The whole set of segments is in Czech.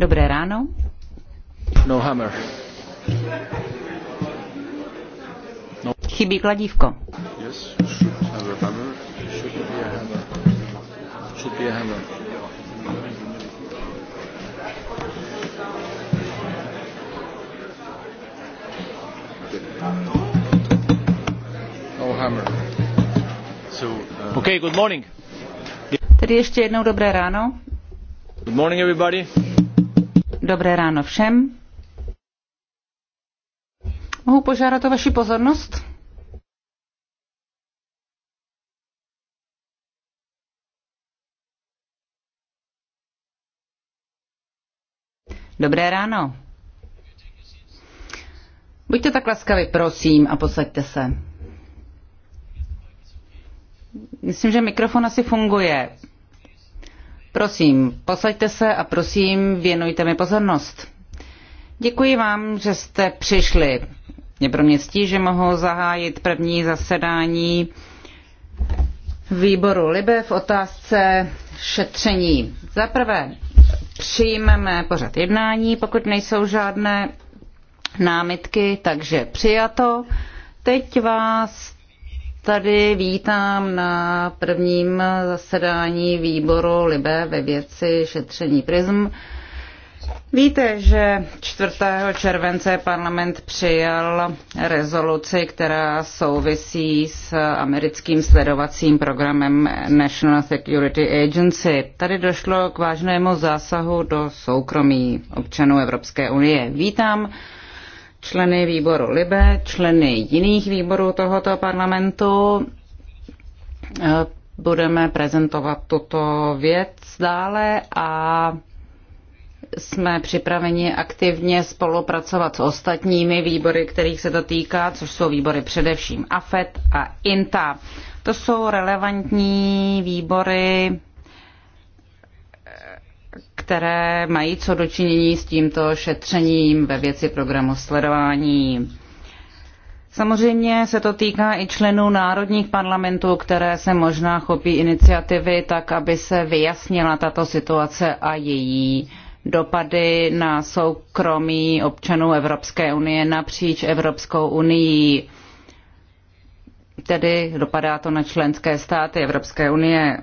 Dobré ráno. No hammer. No. Chybí kladívko. Yes, should have a hammer. Should be a hammer. Should be a hammer. No hammer. So, uh... Okay, good morning. Tedy ještě jednou dobré ráno. Good morning, everybody. Dobré ráno všem. Mohu požádat o vaši pozornost? Dobré ráno. Buďte tak laskavi, prosím, a posaďte se. Myslím, že mikrofon asi funguje. Prosím, posaďte se a prosím, věnujte mi pozornost. Děkuji vám, že jste přišli. Mě pro mě ctí, že mohu zahájit první zasedání výboru Libe v otázce šetření. Za prvé přijmeme pořad jednání, pokud nejsou žádné námitky, takže přijato. Teď vás tady vítám na prvním zasedání výboru Libe ve věci šetření prism. Víte, že 4. července parlament přijal rezoluci, která souvisí s americkým sledovacím programem National Security Agency. Tady došlo k vážnému zásahu do soukromí občanů Evropské unie. Vítám členy výboru LIBE, členy jiných výborů tohoto parlamentu. Eh, budeme prezentovat tuto věc dále a jsme připraveni aktivně spolupracovat s ostatními výbory, kterých se to týká, což jsou výbory především AFET a INTA. To jsou relevantní výbory které mají co dočinění s tímto šetřením ve věci programu sledování. Samozřejmě se to týká i členů národních parlamentů, které se možná chopí iniciativy tak, aby se vyjasnila tato situace a její dopady na soukromí občanů Evropské unie napříč Evropskou unii. Tedy dopadá to na členské státy Evropské unie.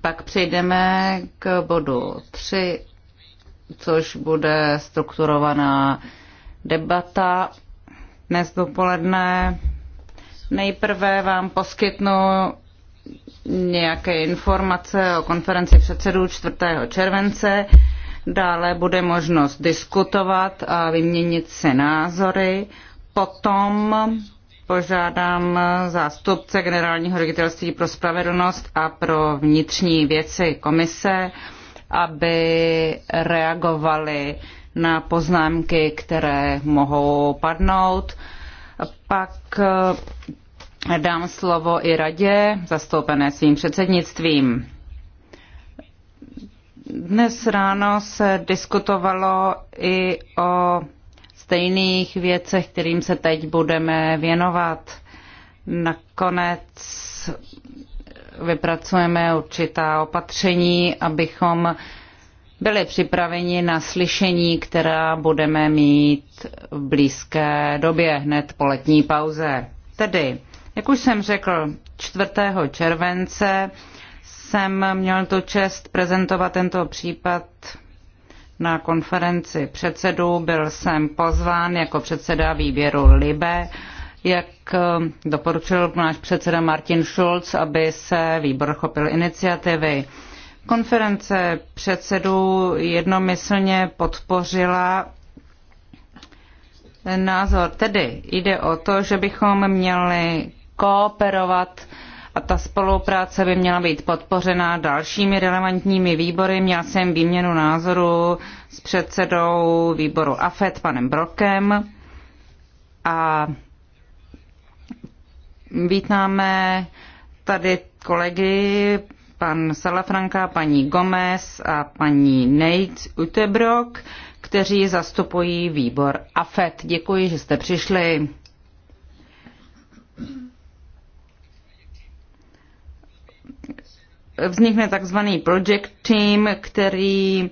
Pak přejdeme k bodu 3, což bude strukturovaná debata dnes dopoledne. Nejprve vám poskytnu nějaké informace o konferenci předsedů 4. července. Dále bude možnost diskutovat a vyměnit si názory. Potom požádám zástupce generálního ředitelství pro spravedlnost a pro vnitřní věci komise, aby reagovali na poznámky, které mohou padnout. Pak eh, dám slovo i radě, zastoupené svým předsednictvím. Dnes ráno se diskutovalo i o stejných věcech, kterým se teď budeme věnovat. Nakonec vypracujeme určitá opatření, abychom byli připraveni na slyšení, která budeme mít v blízké době, hned po letní pauze. Tedy, jak už jsem řekl, 4. července jsem měl tu čest prezentovat tento případ na konferenci předsedů byl jsem pozván jako předseda výběru LIBE, jak eh, doporučil náš předseda Martin Schulz, aby se výbor chopil iniciativy. Konference předsedů jednomyslně podpořila názor. Tedy jde o to, že bychom měli kooperovat a ta spolupráce by měla být podpořena dalšími relevantními výbory. Měl jsem výměnu názoru s předsedou výboru AFET, panem Brokem a vítáme tady kolegy, pan Salafranka, paní Gomez a paní Nate Utebrok, kteří zastupují výbor AFET. Děkuji, že jste přišli. vznikne takzvaný project team, který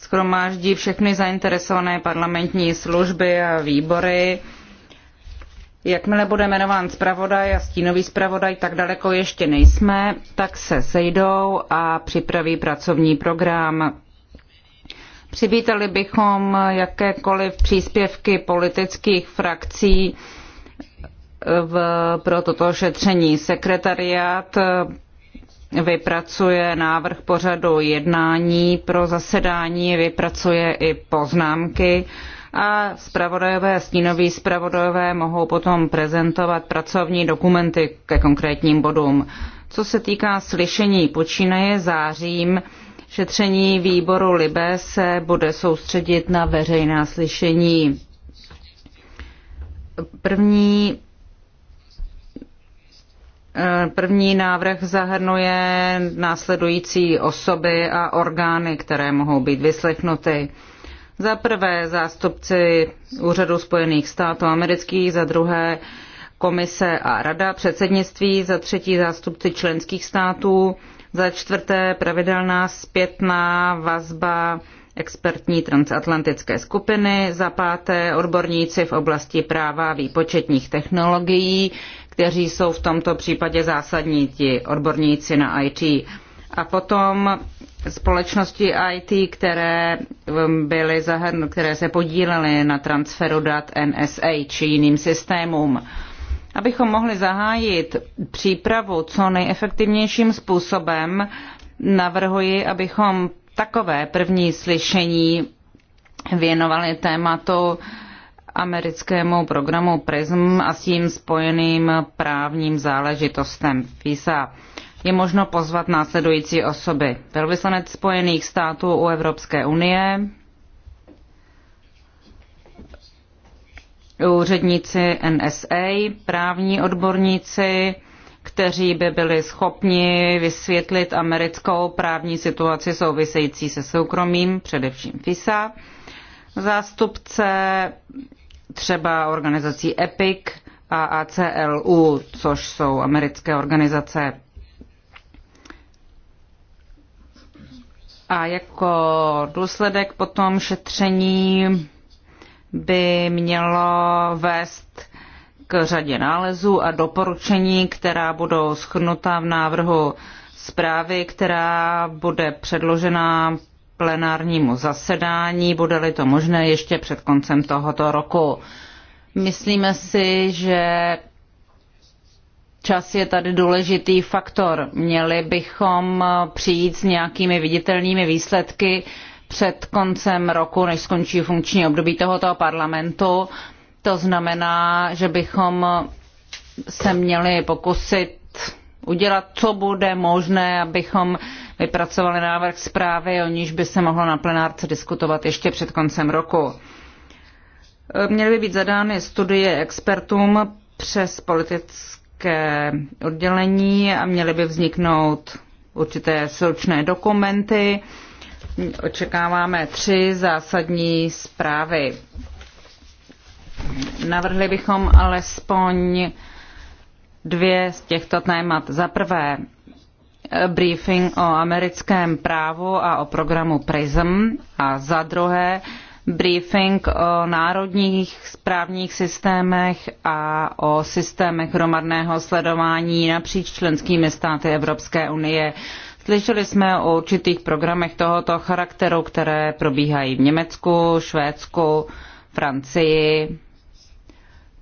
schromáždí všechny zainteresované parlamentní služby a výbory. Jakmile bude jmenován zpravodaj a stínový zpravodaj, tak daleko ještě nejsme, tak se sejdou a připraví pracovní program. Přivítali bychom jakékoliv příspěvky politických frakcí v, pro toto šetření. Sekretariát vypracuje návrh pořadu jednání pro zasedání, vypracuje i poznámky a zpravodajové, stínoví zpravodajové mohou potom prezentovat pracovní dokumenty ke konkrétním bodům. Co se týká slyšení, počínaje zářím, šetření výboru Libe se bude soustředit na veřejná slyšení. První Eh, první návrh zahrnuje následující osoby a orgány, které mohou být vyslechnuty. Za prvé zástupci Úřadu Spojených států amerických, za druhé komise a rada předsednictví, za třetí zástupci členských států, za čtvrté pravidelná zpětná vazba expertní transatlantické skupiny, za páté odborníci v oblasti práva výpočetních technologií, kteří jsou v tomto případě zásadní, ti odborníci na IT. A potom společnosti IT, které, um, byly zahrn- které se podílely na transferu dat NSA či jiným systémům. Abychom mohli zahájit přípravu co nejefektivnějším způsobem, navrhuji, abychom takové první slyšení věnovali tématu americkému programu PRISM a s tím spojeným právním záležitostem FISA. Je možno pozvat následující osoby. Velvyslanec Spojených států u Evropské unie, úředníci NSA, právní odborníci, kteří by byli schopni vysvětlit americkou právní situaci související se soukromím, především FISA, zástupce třeba organizací EPIC a ACLU, což jsou americké organizace. A jako důsledek potom šetření by mělo vést k řadě nálezů a doporučení, která budou schrnuta v návrhu zprávy, která bude předložena plenárnímu zasedání, bude-li to možné ještě před koncem tohoto roku. Myslíme si, že čas je tady důležitý faktor. Měli bychom přijít s nějakými viditelnými výsledky před koncem roku, než skončí funkční období tohoto parlamentu. To znamená, že bychom se měli pokusit udělat, co bude možné, abychom vypracovali návrh zprávy, o níž by se mohlo na plenárce diskutovat ještě před koncem roku. Měly by být zadány studie expertům přes politické oddělení a měly by vzniknout určité silčné dokumenty. Očekáváme tři zásadní zprávy. Navrhli bychom alespoň dvě z těchto témat. Za prvé eh, briefing o americkém právu a o programu PRISM a za druhé briefing o národních správních systémech a o systémech hromadného sledování napříč členskými státy Evropské unie. Slyšeli jsme o určitých programech tohoto charakteru, které probíhají v Německu, Švédsku, Francii.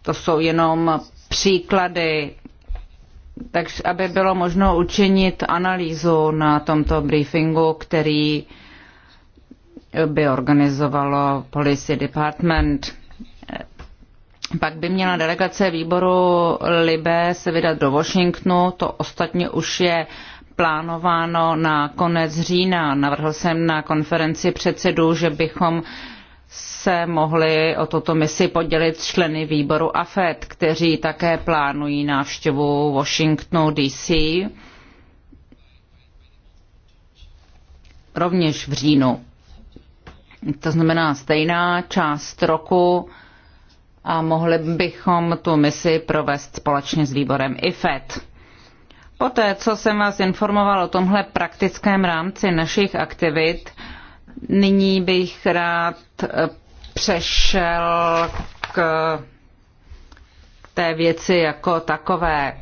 To jsou jenom příklady takže aby bylo možno učinit analýzu na tomto briefingu, který by organizovalo Policy Department. Pak by měla delegace výboru Libé se vydat do Washingtonu, to ostatně už je plánováno na konec října. Navrhl jsem na konferenci předsedů, že bychom se mohli o toto misi podělit členy výboru AFED, kteří také plánují návštěvu Washingtonu DC. Rovněž v říjnu. To znamená stejná část roku a mohli bychom tu misi provést společně s výborem IFED. Poté, co jsem vás informoval o tomhle praktickém rámci našich aktivit, nyní bych rád přešel k té věci jako takové.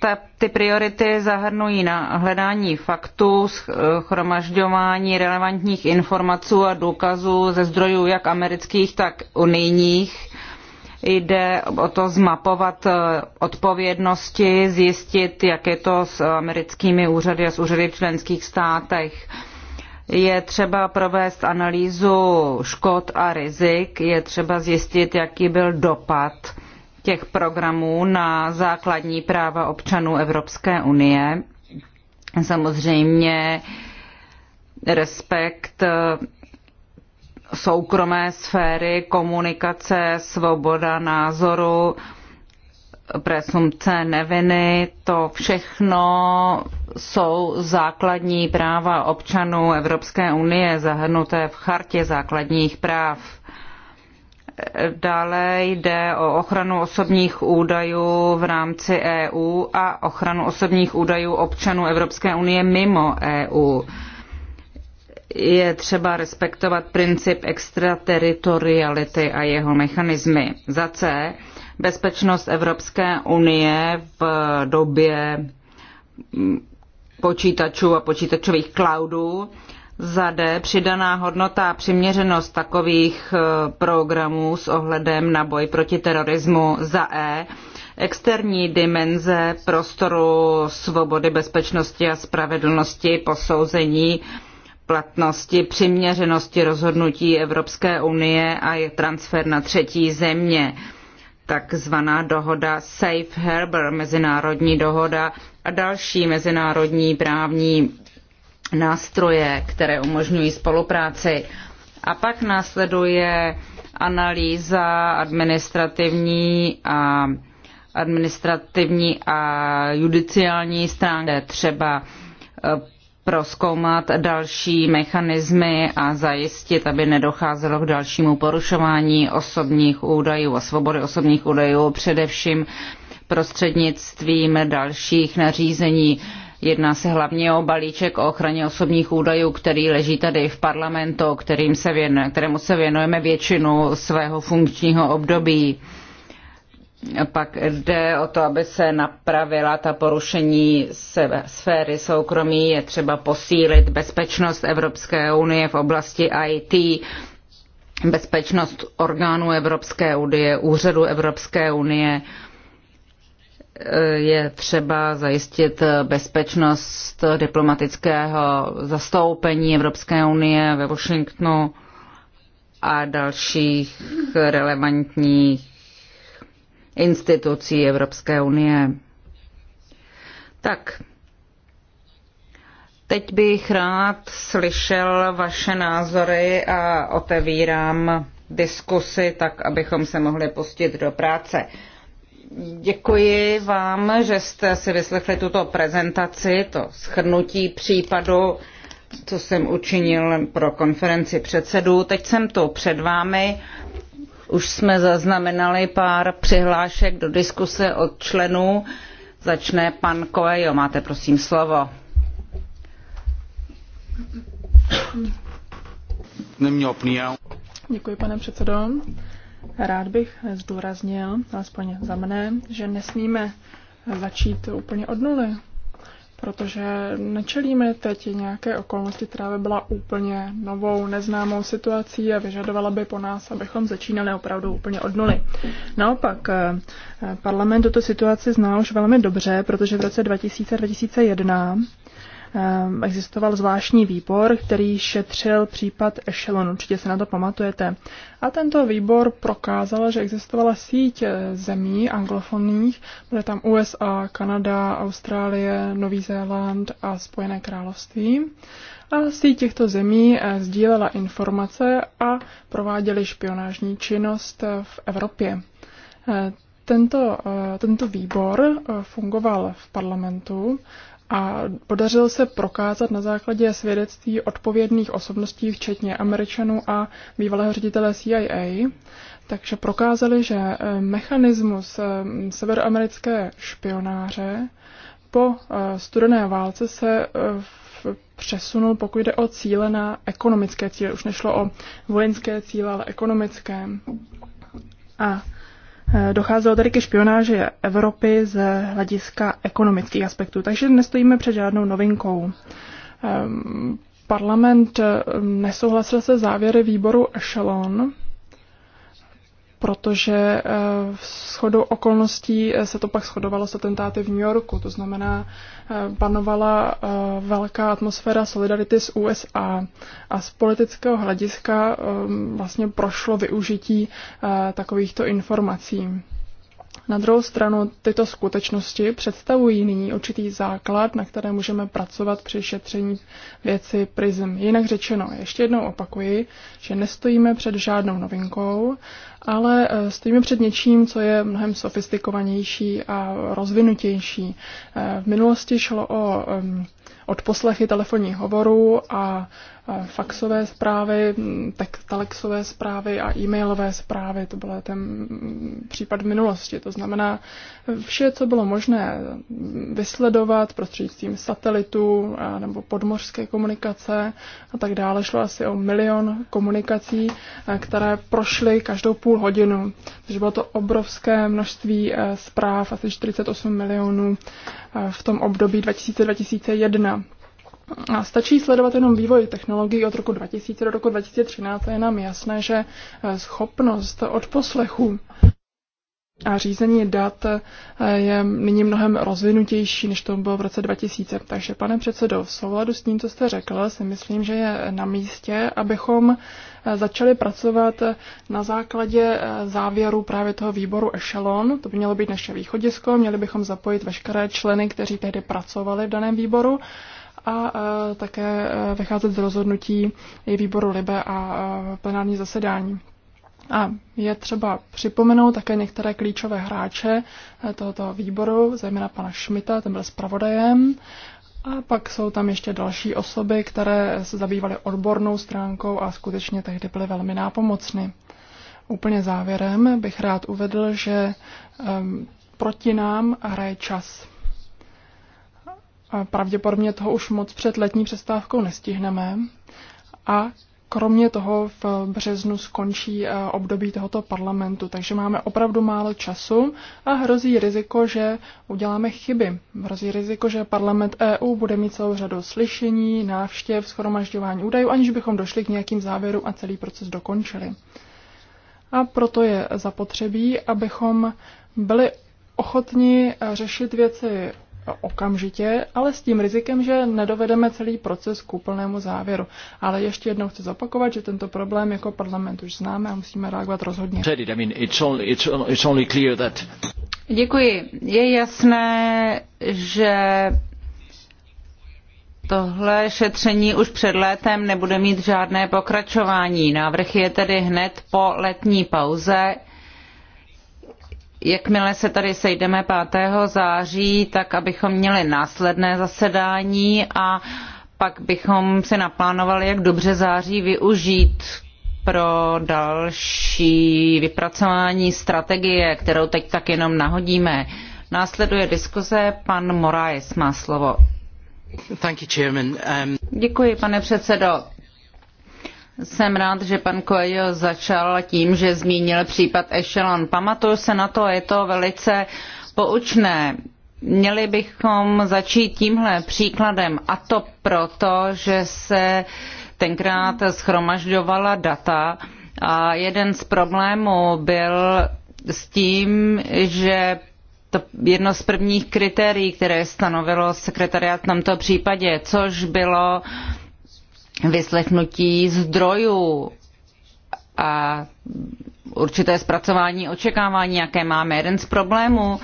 Ta, ty priority zahrnují na hledání faktů, schromažďování relevantních informací a důkazů ze zdrojů jak amerických, tak unijních. Jde o to zmapovat eh, odpovědnosti, zjistit, jak je to s americkými úřady a s úřady v členských státech je třeba provést analýzu škod a rizik, je třeba zjistit, jaký byl dopad těch programů na základní práva občanů Evropské unie. Samozřejmě respekt soukromé sféry, komunikace, svoboda názoru, presumce neviny, to všechno jsou základní práva občanů Evropské unie zahrnuté v chartě základních práv. Dále jde o ochranu osobních údajů v rámci EU a ochranu osobních údajů občanů Evropské unie mimo EU. Je třeba respektovat princip extrateritoriality a jeho mechanismy. Za C bezpečnost Evropské unie v době mm, počítačů a počítačových cloudů. Za D přidaná hodnota a přiměřenost takových eh, programů s ohledem na boj proti terorismu. Za E externí dimenze prostoru svobody, bezpečnosti a spravedlnosti, posouzení platnosti, přiměřenosti rozhodnutí Evropské unie a je transfer na třetí země takzvaná dohoda Safe Harbor, mezinárodní dohoda a další mezinárodní právní nástroje, které umožňují spolupráci. A pak následuje analýza administrativní a administrativní a judiciální stránky, třeba eh, proskoumat další mechanismy a zajistit, aby nedocházelo k dalšímu porušování osobních údajů a svobody osobních údajů, především prostřednictvím dalších nařízení. Jedná se hlavně o balíček o ochraně osobních údajů, který leží tady v parlamentu, kterým se věnuje, kterému se věnujeme většinu svého funkčního období pak jde o to, aby se napravila ta porušení sféry soukromí. Je třeba posílit bezpečnost Evropské unie v oblasti IT, bezpečnost orgánů Evropské unie, úřadu Evropské unie. Je třeba zajistit bezpečnost diplomatického zastoupení Evropské unie ve Washingtonu a dalších relevantních institucí Evropské unie. Tak, teď bych rád slyšel vaše názory a otevírám diskusy, tak abychom se mohli pustit do práce. Děkuji vám, že jste si vyslechli tuto prezentaci, to schrnutí případu, co jsem učinil pro konferenci předsedů. Teď jsem tu před vámi už jsme zaznamenali pár přihlášek do diskuse od členů. Začne pan Koejo, máte prosím slovo. Děkuji, pane předsedo. Rád bych zdůraznil, alespoň za mne, že nesmíme začít úplně od nuly protože nečelíme teď nějaké okolnosti, která by byla úplně novou, neznámou situací a vyžadovala by po nás, abychom začínali opravdu úplně od nuly. Naopak, eh, eh, parlament tuto situaci zná už velmi dobře, protože v roce 2000-2001 Ehm, existoval zvláštní výbor, který šetřil případ Echelon, určitě se na to pamatujete. A tento výbor prokázal, že existovala síť eh, zemí anglofonních, byly tam USA, Kanada, Austrálie, Nový Zéland a Spojené království. A síť těchto zemí eh, sdílela informace a prováděli špionážní činnost eh, v Evropě. Tento, tento výbor fungoval v parlamentu a podařilo se prokázat na základě svědectví odpovědných osobností, včetně Američanů a bývalého ředitele CIA, takže prokázali, že eh, mechanismus eh, severoamerické špionáře po eh, studené válce se přesunul, pokud jde o cíle na ekonomické cíle. Už nešlo o vojenské cíle, ale ekonomické. A Eh, Docházelo tady ke špionáži Evropy z hlediska ekonomických aspektů, takže nestojíme před žádnou novinkou. Ehm, parlament eh, nesouhlasil se závěry výboru Echelon, protože eh, shodou okolností eh, se to pak shodovalo s atentáty v New Yorku. To znamená, eh, panovala velká atmosféra solidarity s USA a z politického hlediska vlastně prošlo využití takovýchto informací. Na druhou stranu tyto skutečnosti představují nyní určitý základ, na které můžeme pracovat při šetření věci prism. Jinak řečeno, ještě jednou opakuji, že nestojíme před žádnou novinkou, ale e, stojíme před něčím, co je mnohem sofistikovanější a rozvinutější. E, v minulosti šlo o odposlechy telefonních hovorů a faxové zprávy, mm, telexové zprávy a e-mailové zprávy. To byl ten mm, případ v minulosti. To znamená, vše, co bylo možné vysledovat prostřednictvím satelitu nebo podmořské komunikace a tak dále, šlo asi o milion komunikací, eh, které prošly každou půl hodinu. Takže bylo to obrovské množství eh, zpráv, asi 48 milionů eh, v tom období 2000-2001. A stačí sledovat jenom vývoj technologií od roku 2000 do roku 2013 a je nám jasné, že eh, schopnost odposlechu a řízení dat eh, je nyní mnohem rozvinutější, než to bylo v roce 2000. Takže, pane předsedo, v souladu s tím, co jste řekl, si myslím, že je na místě, abychom eh, začali pracovat na základě závěru právě toho výboru Echelon. To by mělo být naše východisko, měli bychom zapojit veškeré členy, kteří tehdy pracovali v daném výboru a e, také e, vycházet z rozhodnutí i výboru Libe a e, plenární zasedání. A je třeba připomenout také některé klíčové hráče tohoto výboru, zejména pana Šmita, ten byl zpravodajem. A pak jsou tam ještě další osoby, které se zabývaly odbornou stránkou a skutečně tehdy byly velmi nápomocny. Úplně závěrem bych rád uvedl, že um, proti nám hraje čas pravděpodobně toho už moc před letní přestávkou nestihneme. A kromě toho v březnu skončí eh, období tohoto parlamentu, takže máme opravdu málo času a hrozí riziko, že uděláme chyby. Hrozí riziko, že parlament EU bude mít celou řadu slyšení, návštěv, schromažďování údajů, aniž bychom došli k nějakým závěrům a celý proces dokončili. A proto je zapotřebí, abychom byli ochotni eh, řešit věci okamžitě, ale s tím rizikem, že nedovedeme celý proces k úplnému závěru. Ale ještě jednou chci zopakovat, že tento problém jako parlament už známe a musíme reagovat rozhodně. Děkuji. Je jasné, že tohle šetření už před létem nebude mít žádné pokračování. Návrh je tedy hned po letní pauze jakmile se tady sejdeme 5. září, tak abychom měli následné zasedání a pak bychom si naplánovali, jak dobře září využít pro další vypracování strategie, kterou teď tak jenom nahodíme. Následuje diskuze, pan Moraes má slovo. You, um, Děkuji, pane předsedo. Jsem rád, že pan Coelho začal tím, že zmínil případ Echelon. Pamatuju se na to, je to velice poučné. Měli bychom začít tímhle příkladem a to proto, že se tenkrát schromažďovala data a jeden z problémů byl s tím, že to jedno z prvních kritérií, které stanovilo sekretariát v tomto případě, což bylo vyslechnutí zdrojů a určité zpracování očekávání, jaké máme. Jeden z problémů,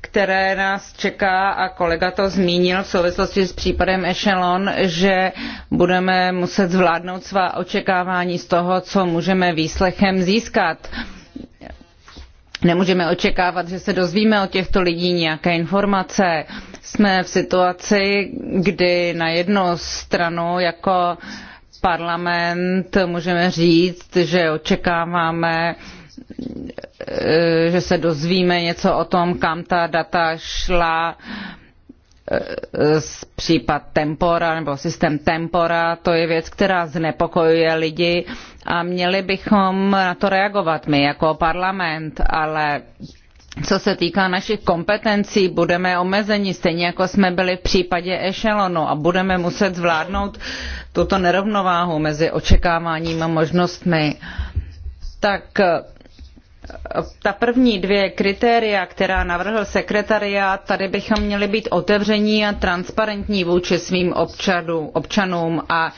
které nás čeká, a kolega to zmínil v souvislosti s případem Echelon, že budeme muset zvládnout svá očekávání z toho, co můžeme výslechem získat. Nemůžeme očekávat, že se dozvíme od těchto lidí nějaké informace. Uh, jsme v situaci, kdy na jednu stranu jako parlament můžeme říct, že očekáváme, eh, že se dozvíme něco o tom, kam ta data šla, eh, z případ Tempora nebo systém Tempora, to je věc, která znepokojuje lidi a měli bychom na to reagovat my jako parlament, ale co se týká našich kompetencí, budeme omezeni, stejně jako jsme byli v případě Echelonu a budeme muset zvládnout tuto nerovnováhu mezi očekáváním a možnostmi. Tak ta první dvě kritéria, která navrhl sekretariát, tady bychom měli být otevření a transparentní vůči svým občadu, občanům. A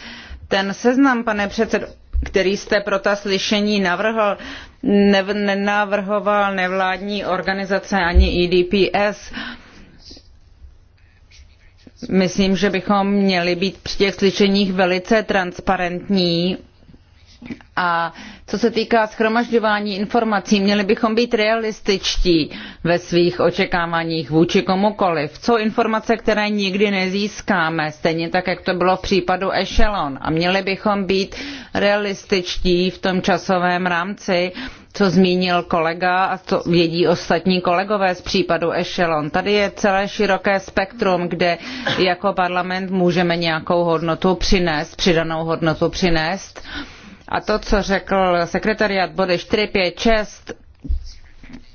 ten seznam, pane předsedo, který jste pro ta slyšení navrhl, nenavrhoval nevládní organizace ani EDPS. Myslím, že bychom měli být při těch slyšeních velice transparentní a co se týká schromažďování informací, měli bychom být realističtí ve svých očekáváních vůči komukoliv. Co informace, které nikdy nezískáme, stejně tak, jak to bylo v případu Echelon. A měli bychom být realističtí v tom časovém rámci, co zmínil kolega a co vědí ostatní kolegové z případu Echelon. Tady je celé široké spektrum, kde jako parlament můžeme nějakou hodnotu přinést, přidanou hodnotu přinést. A to, co řekl sekretariat body 456,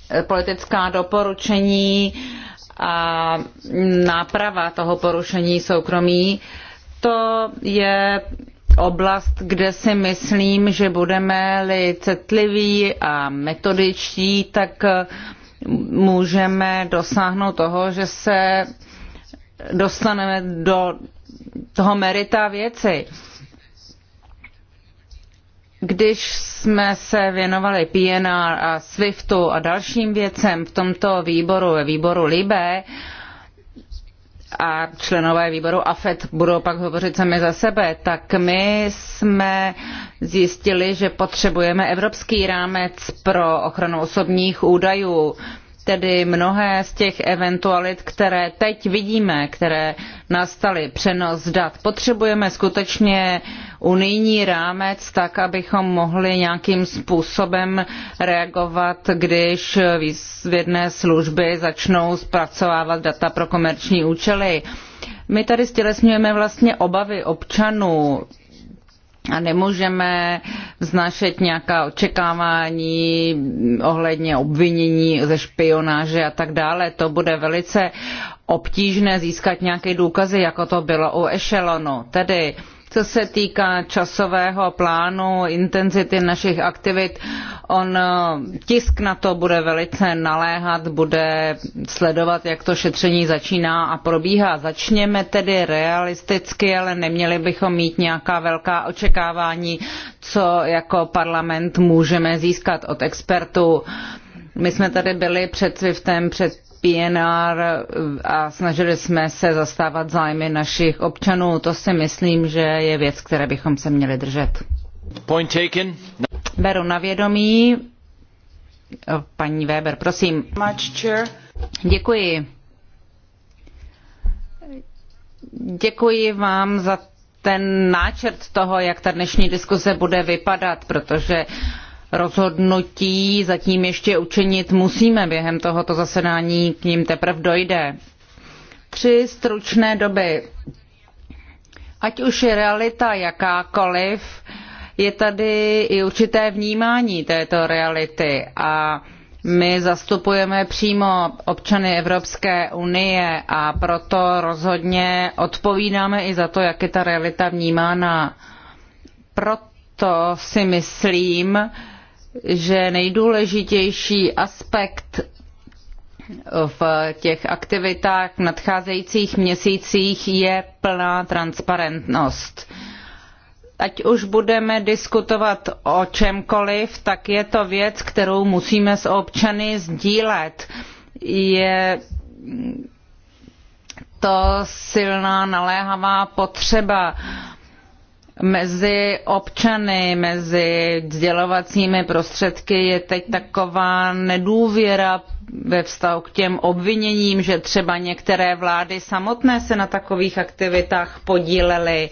eh, politická doporučení a náprava toho porušení soukromí, to je oblast, kde si myslím, že budeme-li citliví a metodičtí, tak eh, můžeme dosáhnout toho, že se dostaneme do toho merita věci. Uh, když jsme se věnovali PNR a SWIFTu a dalším věcem v tomto výboru, ve výboru LIBE, a členové výboru AFET budou pak hovořit sami za sebe, tak my jsme zjistili, že potřebujeme evropský rámec pro ochranu osobních údajů tedy mnohé z těch eventualit, které teď vidíme, které nastaly, přenos dat. Potřebujeme skutečně unijní rámec tak, abychom mohli nějakým způsobem reagovat, když výzvědné služby začnou zpracovávat data pro komerční účely. My tady stělesňujeme vlastně obavy občanů a nemůžeme vznášet nějaká očekávání ohledně obvinění ze špionáže a tak dále. To bude velice obtížné získat nějaké důkazy, jako to bylo u Echelonu. Tedy co se týká časového plánu, intenzity našich aktivit, on eh, tisk na to bude velice naléhat, bude sledovat, jak to šetření začíná a probíhá. Začněme tedy realisticky, ale neměli bychom mít nějaká velká očekávání, co jako parlament můžeme získat od expertů. Uh, my jsme tady byli před SWIFTem, před PNR a snažili jsme se zastávat zájmy našich občanů. To si myslím, že je věc, které bychom se měli držet. Point taken. Beru na vědomí. Paní Weber, prosím. Much, chair. Děkuji. Děkuji vám za ten náčrt toho, jak ta dnešní diskuse bude vypadat, protože uh, rozhodnutí zatím ještě učinit musíme. Během tohoto zasedání k ním teprve dojde. Tři stručné doby. Ať už je realita jakákoliv, je tady i určité vnímání této reality a my zastupujeme přímo občany Evropské unie a proto rozhodně odpovídáme i za to, jak je ta realita vnímána. Proto si myslím, že nejdůležitější aspekt v těch aktivitách v nadcházejících měsících je plná transparentnost. Ať už budeme diskutovat o čemkoliv, tak je to věc, kterou musíme s občany sdílet. Je to silná naléhavá potřeba mezi občany, mezi sdělovacími prostředky je teď taková nedůvěra ve vztahu k těm obviněním, že třeba některé vlády samotné se na takových aktivitách podílely.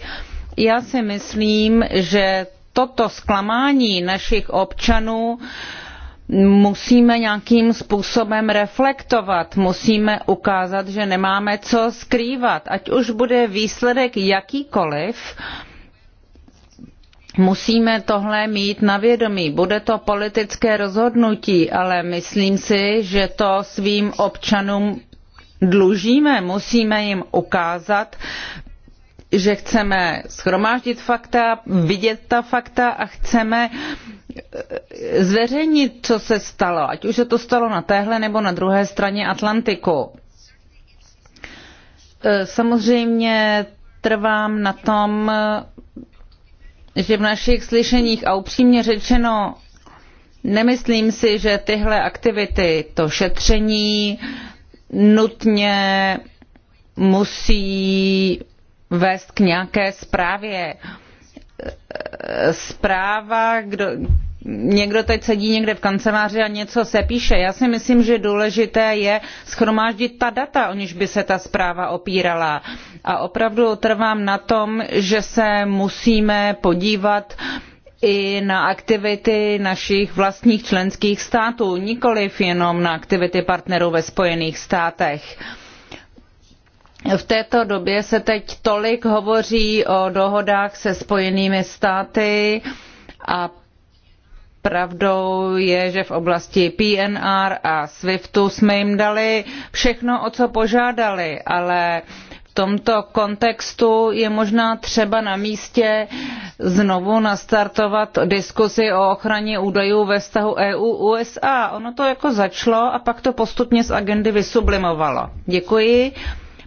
Já si myslím, že toto zklamání našich občanů musíme nějakým způsobem reflektovat, musíme ukázat, že nemáme co skrývat, ať už bude výsledek jakýkoliv, Musíme tohle mít na vědomí. Bude to politické rozhodnutí, ale myslím si, že to svým občanům dlužíme. Musíme jim ukázat, že chceme schromáždit fakta, vidět ta fakta a chceme eh, zveřejnit, co se stalo, ať už se to stalo na téhle nebo na druhé straně Atlantiku. Eh, samozřejmě trvám na tom, že v našich slyšeních a upřímně řečeno nemyslím si, že tyhle aktivity, to šetření nutně musí vést k nějaké zprávě. Zpráva, kdo, někdo teď sedí někde v kanceláři a něco se píše. Já si myslím, že důležité je schromáždit ta data, o niž by se ta zpráva opírala. A opravdu trvám na tom, že se musíme podívat i na aktivity našich vlastních členských států, nikoliv jenom na aktivity partnerů ve Spojených státech. V této době se teď tolik hovoří o dohodách se Spojenými státy a Pravdou je, že v oblasti PNR a SWIFTu jsme jim dali všechno, o co požádali, ale v tomto kontextu je možná třeba na místě znovu nastartovat diskusi o ochraně údajů ve vztahu EU-USA. Ono to jako začalo a pak to postupně z agendy vysublimovalo. Děkuji.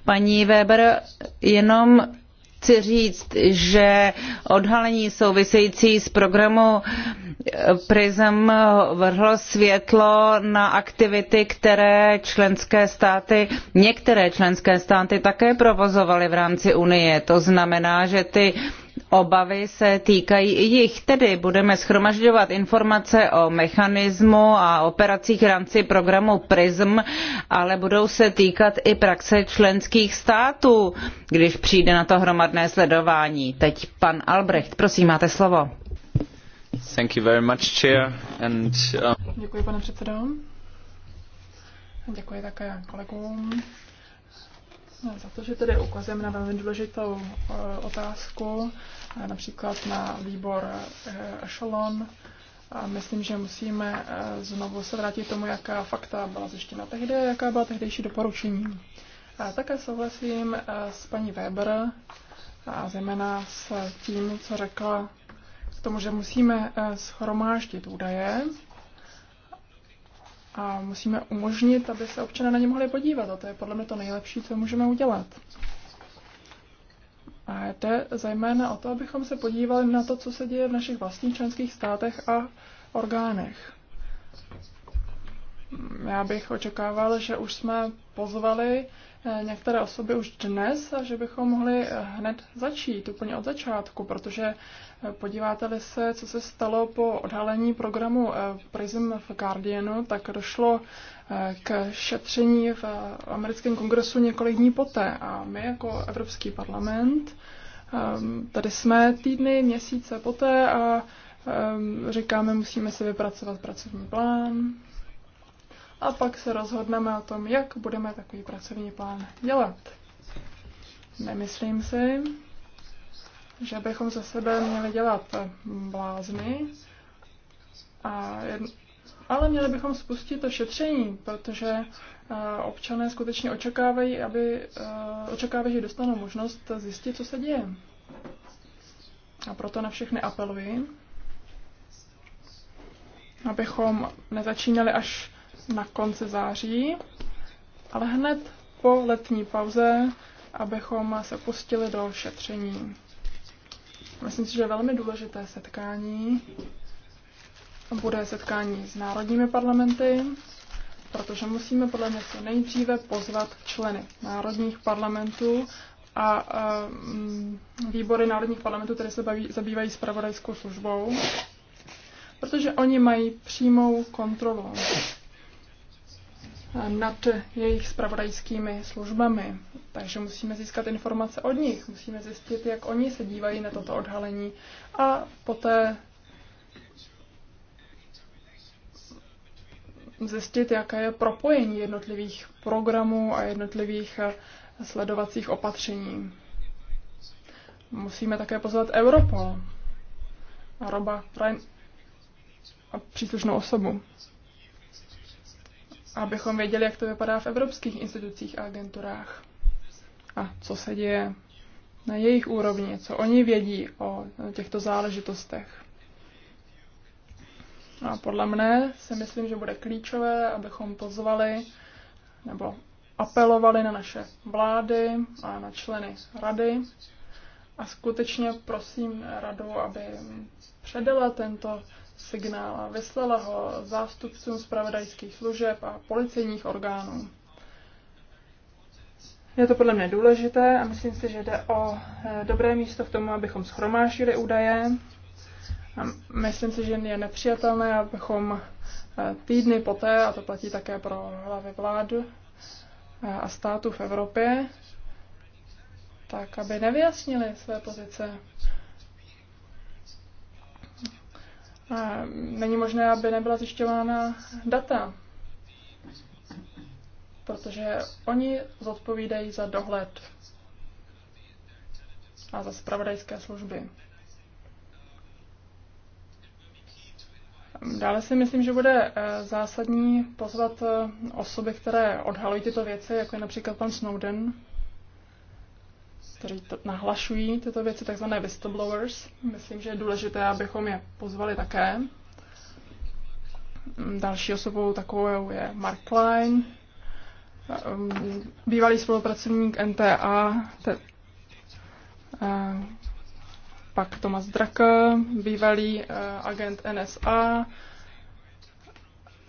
Paní Weber, jenom chci říct, že odhalení související s programu eh, PRISM eh, vrhlo světlo na aktivity, které členské státy, některé členské státy také provozovaly v rámci Unie. To znamená, že ty obavy se týkají i jich. Tedy budeme schromažďovat informace o mechanismu a operacích v rámci programu PRISM, ale budou se týkat i praxe členských států, když přijde na to hromadné sledování. Teď pan Albrecht, prosím, máte slovo. Thank you very much, chair, and, uh... Děkuji, pane předsedo. Děkuji také kolegům za to, že tedy ukazujeme na velmi důležitou uh, otázku Eh, například na výbor eh, Echelon. A myslím, že musíme eh, znovu se vrátit tomu, jaká fakta byla zjištěna tehdy a jaká byla tehdejší doporučení. A také souhlasím s paní Weber a zejména s tím, co řekla k tomu, že musíme schromáždit údaje a musíme umožnit, aby se občané na ně mohli podívat. A to je podle mě to nejlepší, co můžeme udělat. A jde zejména o to, abychom se podívali na to, co se děje v našich vlastních členských státech a orgánech. Já bych očekával, že už jsme pozvali Eh, některé osoby už dnes a že bychom mohli eh, hned začít úplně od začátku, protože eh, podíváte-li se, co se stalo po odhalení programu PRISM v Guardianu, tak došlo k šetření v americkém kongresu několik dní poté a my jako Evropský parlament ehm, tady jsme týdny, měsíce poté a ehm, říkáme, musíme si vypracovat pracovní plán, a pak se rozhodneme o tom, jak budeme takový pracovní plán dělat. Nemyslím si, že bychom za sebe měli dělat blázny, a jedn... ale měli bychom spustit to šetření, protože eh, občané skutečně očekávají, aby, eh, očekávají, že dostanou možnost zjistit, co se děje. A proto na všechny apeluji, abychom nezačínali až na konci září, ale hned po letní pauze, abychom se pustili do šetření. Myslím si, že velmi důležité setkání bude setkání s národními parlamenty, protože musíme podle mě co nejdříve pozvat členy národních parlamentů a eh, výbory národních parlamentů, které se baví, zabývají spravodajskou službou, protože oni mají přímou kontrolu nad jejich spravodajskými službami. Takže musíme získat informace od nich, musíme zjistit, jak oni se dívají na toto odhalení a poté zjistit, jaké je propojení jednotlivých programů a jednotlivých sledovacích opatření. Musíme také pozvat Europol a Roba a příslušnou osobu abychom věděli, jak to vypadá v evropských institucích a agenturách a co se děje na jejich úrovni, co oni vědí o těchto záležitostech. A podle mne si myslím, že bude klíčové, abychom pozvali nebo apelovali na naše vlády a na členy rady. A skutečně prosím radu, aby předala tento signál a vyslala ho zástupcům zpravodajských služeb a policejních orgánů. Je to podle mě důležité a myslím si, že jde o eh, dobré místo k tomu, abychom schromáždili údaje. A myslím si, že je nepřijatelné, abychom eh, týdny poté, a to platí také pro hlavy vlád eh, a států v Evropě, tak aby nevyjasnili své pozice není možné, aby nebyla zjišťována data, protože oni zodpovídají za dohled a za spravodajské služby. Dále si myslím, že bude eh, zásadní pozvat eh, osoby, které odhalují tyto věci, jako je například pan Snowden, kteří to nahlašují tyto věci, takzvané whistleblowers. Myslím, že je důležité, abychom je pozvali také. Mm, další osobou takovou je Mark Klein, mm, bývalý spolupracovník NTA, te, a, eh, pak Thomas Drake, bývalý eh, a, agent eh, NSA,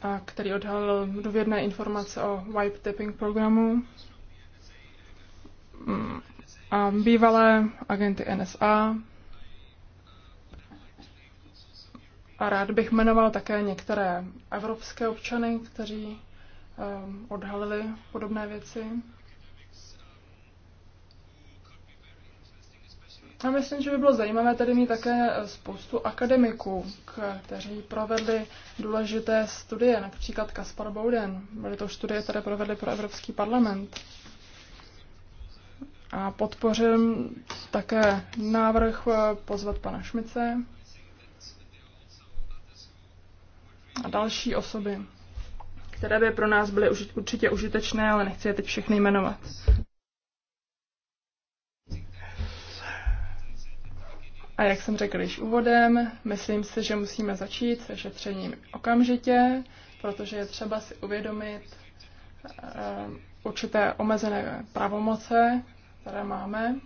a který odhalil důvěrné informace o wipe tapping programu. Mm, a bývalé agenty NSA. A rád bych jmenoval také některé evropské občany, kteří um, odhalili podobné věci. A myslím, že by bylo zajímavé tady mít také eh, spoustu akademiků, kteří provedli důležité studie, například Kaspar Bouden. Byly to studie, které provedly pro Evropský parlament. A podpořím také návrh eh, pozvat pana Šmice a další osoby, které by pro nás byly určitě užitečné, ale nechci je teď všechny jmenovat. A jak jsem řekl již úvodem, myslím si, že musíme začít se šetřením okamžitě, protože je třeba si uvědomit eh, určité omezené pravomoce které máme.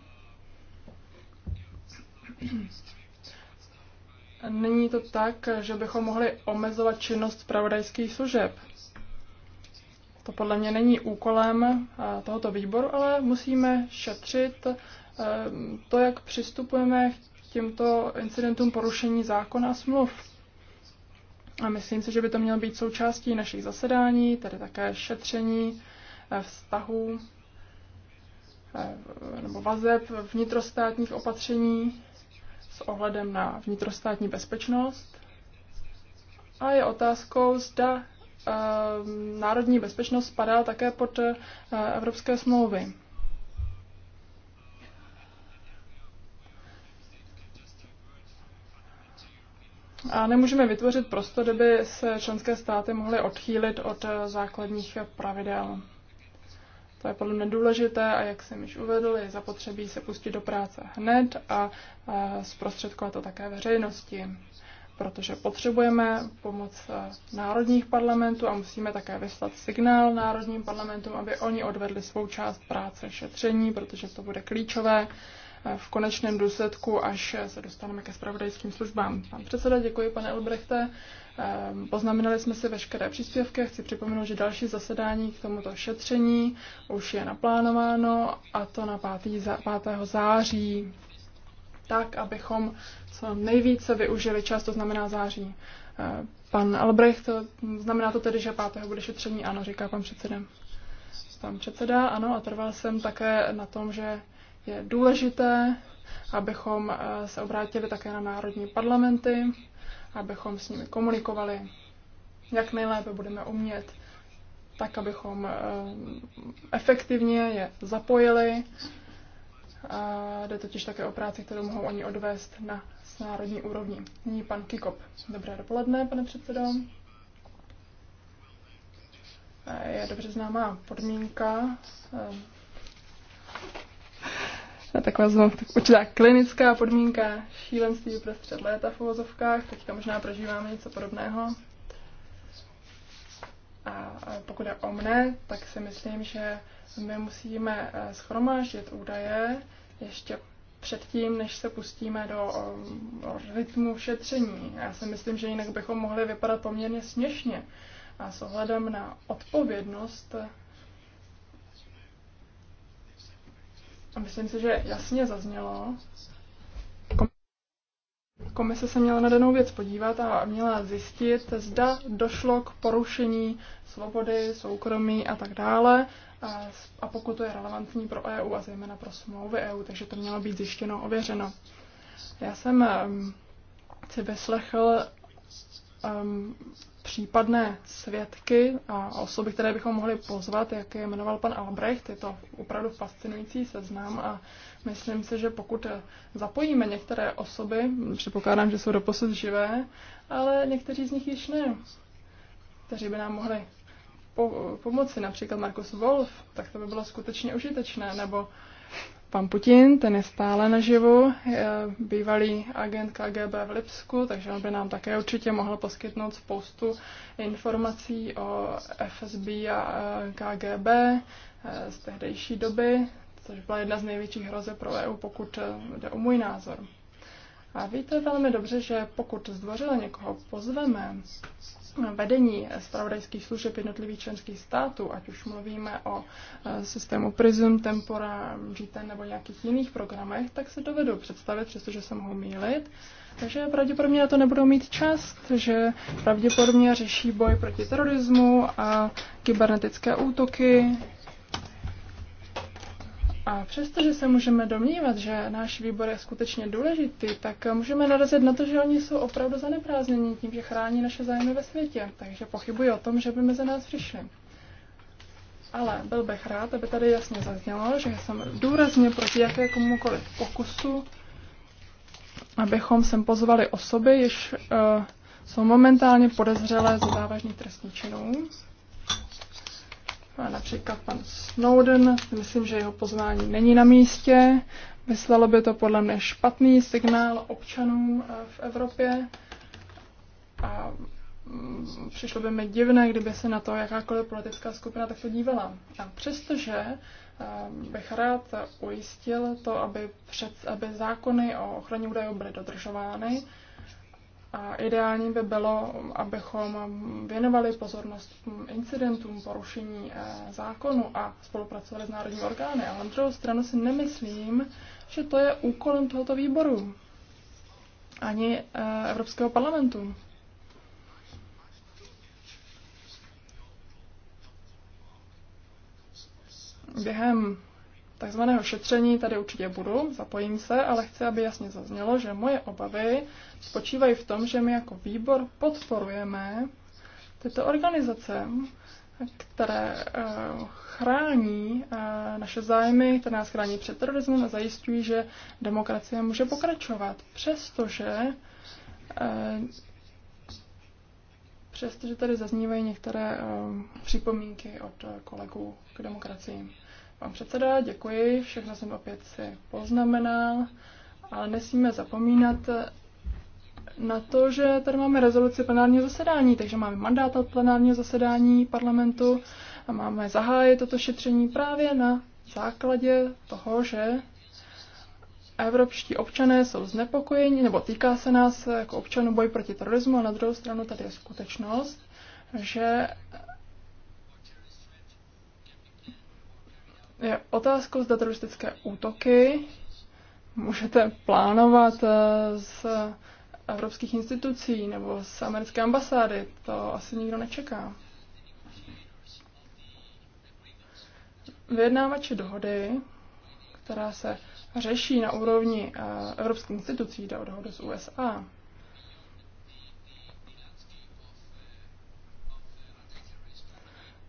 Není to tak, že bychom mohli omezovat činnost pravodajských služeb. To podle mě není úkolem eh, tohoto výboru, ale musíme šetřit eh, to, jak přistupujeme k těmto incidentům porušení zákona a smluv. A myslím si, že by to mělo být součástí našich zasedání, tedy také šetření eh, vztahů nebo vazeb vnitrostátních opatření s ohledem na vnitrostátní bezpečnost. A je otázkou, zda eh, národní bezpečnost spadá také pod eh, evropské smlouvy. A nemůžeme vytvořit prostor, kde by se členské státy mohly odchýlit od eh, základních pravidel. To je podle mě důležité a jak jsem již uvedl, je zapotřebí se pustit do práce hned a zprostředkovat to také veřejnosti protože potřebujeme pomoc e, národních parlamentů a musíme také vyslat signál národním parlamentům, aby oni odvedli svou část práce šetření, protože to bude klíčové v konečném důsledku, až se dostaneme ke spravodajským službám. Pan předseda, děkuji, pane Elbrechte. Ehm, poznamenali jsme si veškeré příspěvky chci připomenout, že další zasedání k tomuto šetření už je naplánováno a to na 5. 5. září, tak, abychom co nejvíce využili čas, to znamená září. Ehm, pan Albrecht, to znamená to tedy, že 5. bude šetření, ano, říká pan předseda. Pan předseda, ano, a trval jsem také na tom, že je důležité, abychom eh, se obrátili také na národní parlamenty, abychom s nimi komunikovali, jak nejlépe budeme umět, tak abychom eh, efektivně je zapojili. A jde totiž také o práci, kterou mohou oni odvést na národní úrovni. Nyní pan Kikop. Dobré dopoledne, pane předsedo. Eh, je dobře známá podmínka taková znovu, tak určitá klinická podmínka šílenství uprostřed léta v uvozovkách. Teďka možná prožíváme něco podobného. A pokud je o mne, tak si myslím, že my musíme eh, schromáždit údaje ještě předtím, než se pustíme do eh, rytmu šetření. Já si myslím, že jinak bychom mohli vypadat poměrně směšně. A s ohledem na odpovědnost A myslím si, že jasně zaznělo, komise se měla na danou věc podívat a měla zjistit, zda došlo k porušení svobody, soukromí a tak dále, a, pokud to je relevantní pro EU a zejména pro smlouvy EU, takže to mělo být zjištěno, ověřeno. Já jsem ehm, si vyslechl ehm, případné svědky a osoby, které bychom mohli pozvat, jak je jmenoval pan Albrecht, je to opravdu fascinující seznam a myslím si, že pokud zapojíme některé osoby, předpokládám, že jsou doposud živé, ale někteří z nich již ne, kteří by nám mohli po- pomoci, například Markus Wolf, tak to by bylo skutečně užitečné, nebo pan Putin, ten je stále naživu, je bývalý agent KGB v Lipsku, takže on by nám také určitě mohl poskytnout spoustu informací o FSB a e, KGB e, z tehdejší doby, což byla jedna z největších hroze pro EU, pokud e, jde o můj názor. A víte velmi dobře, že pokud zdvořile někoho pozveme, vedení spravodajských služeb jednotlivých členských států, ať už mluvíme o e, systému PRISM, Tempora, GTN nebo nějakých jiných programech, tak se dovedou představit, přestože se mohou mýlit, takže pravděpodobně na to nebudou mít čas, že pravděpodobně řeší boj proti terorismu a kybernetické útoky, a přestože se můžeme domnívat, že náš výbor je skutečně důležitý, tak můžeme narazit na to, že oni jsou opravdu zaneprázdnění tím, že chrání naše zájmy ve světě. Takže pochybuji o tom, že by mezi nás přišli. Ale byl bych rád, aby tady jasně zaznělo, že jsem důrazně proti jakémukoliv pokusu, abychom sem pozvali osoby, jež uh, jsou momentálně podezřelé z závažných trestních činů například pan Snowden, myslím, že jeho poznání není na místě. Vyslalo by to podle mě špatný signál občanům eh, v Evropě a mm, přišlo by mi divné, kdyby se na to jakákoliv politická skupina takto dívala. A přestože eh, bych rád ujistil to, aby, před, aby zákony o ochraně údajů byly dodržovány, a ideální by bylo, abychom věnovali pozornost incidentům, porušení eh, zákonu a spolupracovali s národními orgány. Ale na druhou stranu si nemyslím, že to je úkolem tohoto výboru, ani eh, Evropského parlamentu. Během takzvaného šetření tady určitě budu, zapojím se, ale chci, aby jasně zaznělo, že moje obavy spočívají v tom, že my jako výbor podporujeme tyto organizace, které eh, chrání eh, naše zájmy, které nás chrání před terorismem a zajistují, že demokracie může pokračovat, přestože eh, přestože tady zaznívají některé připomínky od kolegů k demokracii. Pan předseda, děkuji, všechno jsem opět si poznamenal, ale nesmíme zapomínat na to, že tady máme rezoluci plenárního zasedání, takže máme mandát od plenárního zasedání parlamentu a máme zahájit toto šetření právě na základě toho, že evropští občané jsou znepokojeni, nebo týká se nás jako občanů boj proti terorismu a na druhou stranu tady je skutečnost, že je otázku zda teroristické útoky můžete plánovat eh, z evropských institucí nebo z americké ambasády. To asi nikdo nečeká. Vyjednávači dohody, která se řeší na úrovni eh, evropských institucí, jde o dohodu z USA,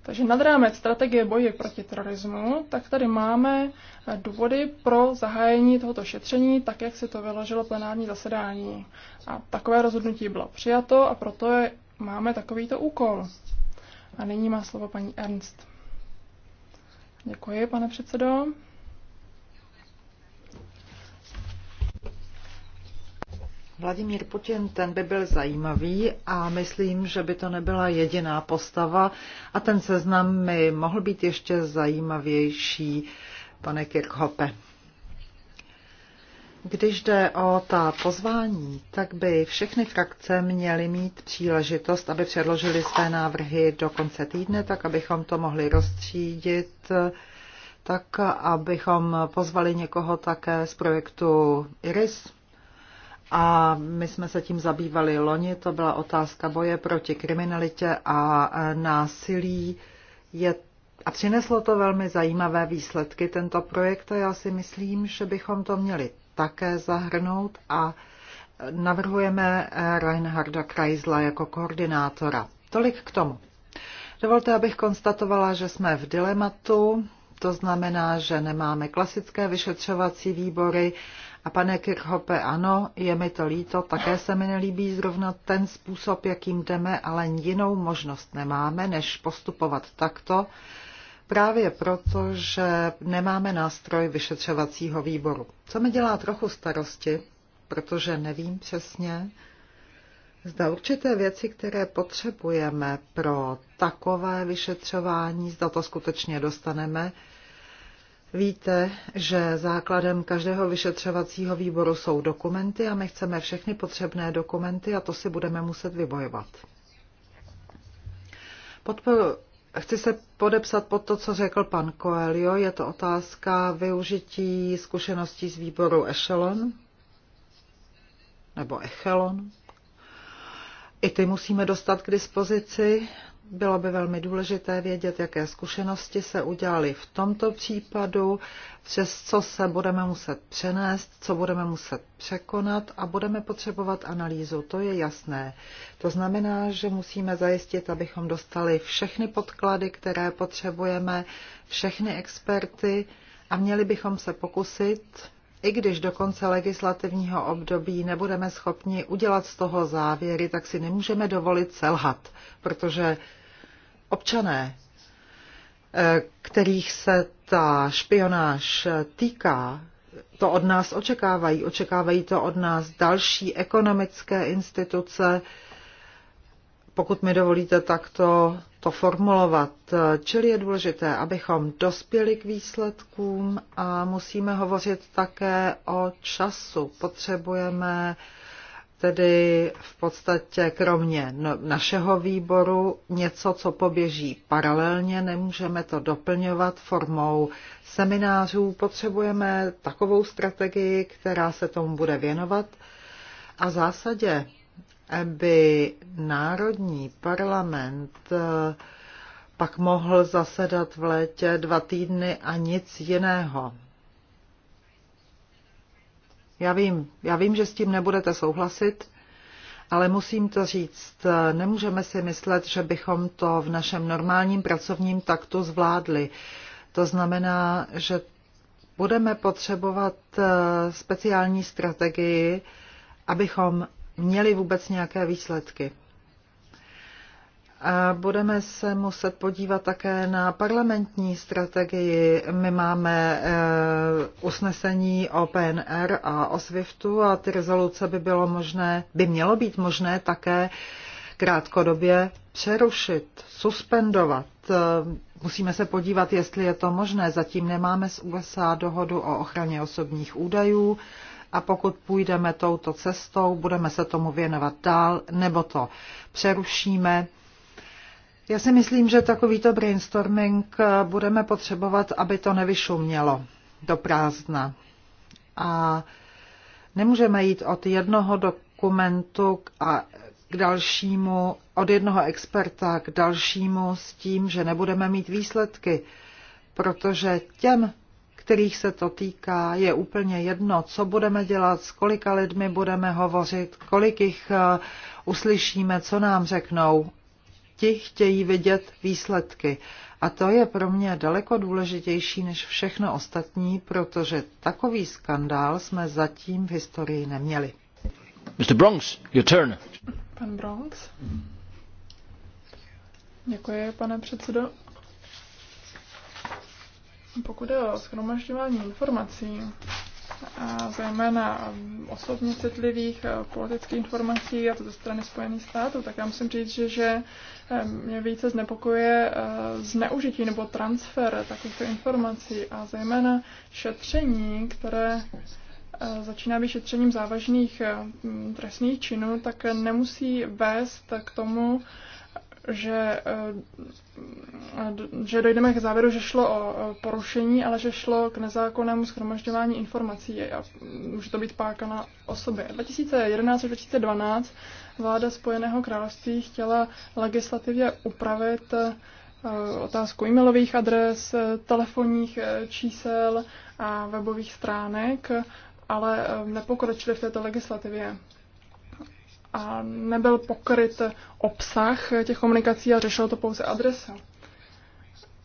Takže nad rámec strategie boje proti terorismu, tak tady máme eh, důvody pro zahájení tohoto šetření, tak jak si to vyložilo plenární zasedání. A takové rozhodnutí bylo přijato a proto je, máme takovýto úkol. A nyní má slovo paní Ernst. Děkuji, pane předsedo. Vladimír Putin, ten by byl zajímavý a myslím, že by to nebyla jediná postava a ten seznam mi mohl být ještě zajímavější, pane Kirchhope. Když jde o ta pozvání, tak by všechny frakce měly mít příležitost, aby předložili své návrhy do konce týdne, tak abychom to mohli rozstřídit, tak abychom pozvali někoho také z projektu IRIS, a my jsme se tím zabývali loni, to byla otázka boje proti kriminalitě a násilí. Je, a přineslo to velmi zajímavé výsledky tento projekt a já si myslím, že bychom to měli také zahrnout a navrhujeme Reinharda Kreisla jako koordinátora. Tolik k tomu. Dovolte, abych konstatovala, že jsme v dilematu, to znamená, že nemáme klasické vyšetřovací výbory, a pane Kirchope, ano, je mi to líto, také se mi nelíbí zrovna ten způsob, jakým jdeme, ale jinou možnost nemáme, než postupovat takto, právě proto, že nemáme nástroj vyšetřovacího výboru. Co mi dělá trochu starosti, protože nevím přesně, Zda určité věci, které potřebujeme pro takové vyšetřování, zda to skutečně dostaneme, Víte, že základem každého vyšetřovacího výboru jsou dokumenty a my chceme všechny potřebné dokumenty a to si budeme muset vybojovat. Podporu, chci se podepsat pod to, co řekl pan Coelho. Je to otázka využití zkušeností z výboru Echelon nebo Echelon. I ty musíme dostat k dispozici. Bylo by velmi důležité vědět, jaké zkušenosti se udělaly v tomto případu, přes co se budeme muset přenést, co budeme muset překonat a budeme potřebovat analýzu, to je jasné. To znamená, že musíme zajistit, abychom dostali všechny podklady, které potřebujeme, všechny experty a měli bychom se pokusit i když do konce legislativního období nebudeme schopni udělat z toho závěry, tak si nemůžeme dovolit selhat, protože občané, eh, kterých se ta špionáž týká, to od nás očekávají. Očekávají to od nás další ekonomické instituce, pokud mi dovolíte takto to formulovat. Eh, čili je důležité, abychom dospěli k výsledkům a musíme hovořit také o času. Potřebujeme uh, tedy v podstatě kromě no, našeho výboru něco, co poběží paralelně, nemůžeme to doplňovat formou seminářů. Potřebujeme takovou strategii, která se tomu bude věnovat. A v zásadě aby Národní parlament eh, pak mohl zasedat v létě dva týdny a nic jiného. Já vím, já vím, že s tím nebudete souhlasit, ale musím to říct, nemůžeme si myslet, že bychom to v našem normálním pracovním taktu zvládli. To znamená, že budeme potřebovat eh, speciální strategii, abychom měli vůbec nějaké výsledky. Budeme se muset podívat také na parlamentní strategii. My máme eh, usnesení o PNR a o SWIFTu a ty rezoluce by bylo možné, by mělo být možné také krátkodobě přerušit, suspendovat. Eh, musíme se podívat, jestli je to možné. Zatím nemáme z USA dohodu o ochraně osobních údajů a pokud půjdeme touto cestou, budeme se tomu věnovat dál, nebo to přerušíme já si myslím, že takovýto brainstorming eh, budeme potřebovat, aby to nevyšumělo do prázdna. A nemůžeme jít od jednoho dokumentu a k dalšímu, od jednoho experta k dalšímu s tím, že nebudeme mít výsledky, protože těm, kterých se to týká, je úplně jedno, co budeme dělat, s kolika lidmi budeme hovořit, kolik jich eh, uslyšíme, co nám řeknou ti chtějí vidět výsledky. A to je pro mě daleko důležitější než všechno ostatní, protože takový skandál jsme zatím v historii neměli. Mr. Bronx, your turn. Pan Bronx. Děkuji, pane předsedo. Pokud je o schromažďování informací, zejména um, osobně citlivých uh, politických informací a to ze strany Spojených států, tak já musím říct, že, že um, mě více znepokuje uh, zneužití nebo transfer takovýchto informací a zejména šetření, které uh, začíná být šetřením závažných trestných činů, tak nemusí vést k tomu, že, eh, že dojdeme k závěru, že šlo o porušení, ale že šlo k nezákonnému schromažďování informací a může to být páka na osobě. 2011 až 2012 vláda Spojeného království chtěla legislativě upravit eh, otázku e-mailových adres, telefonních eh, čísel a webových stránek, ale nepokročili v této legislativě a nebyl pokryt obsah těch komunikací a řešil to pouze adresa.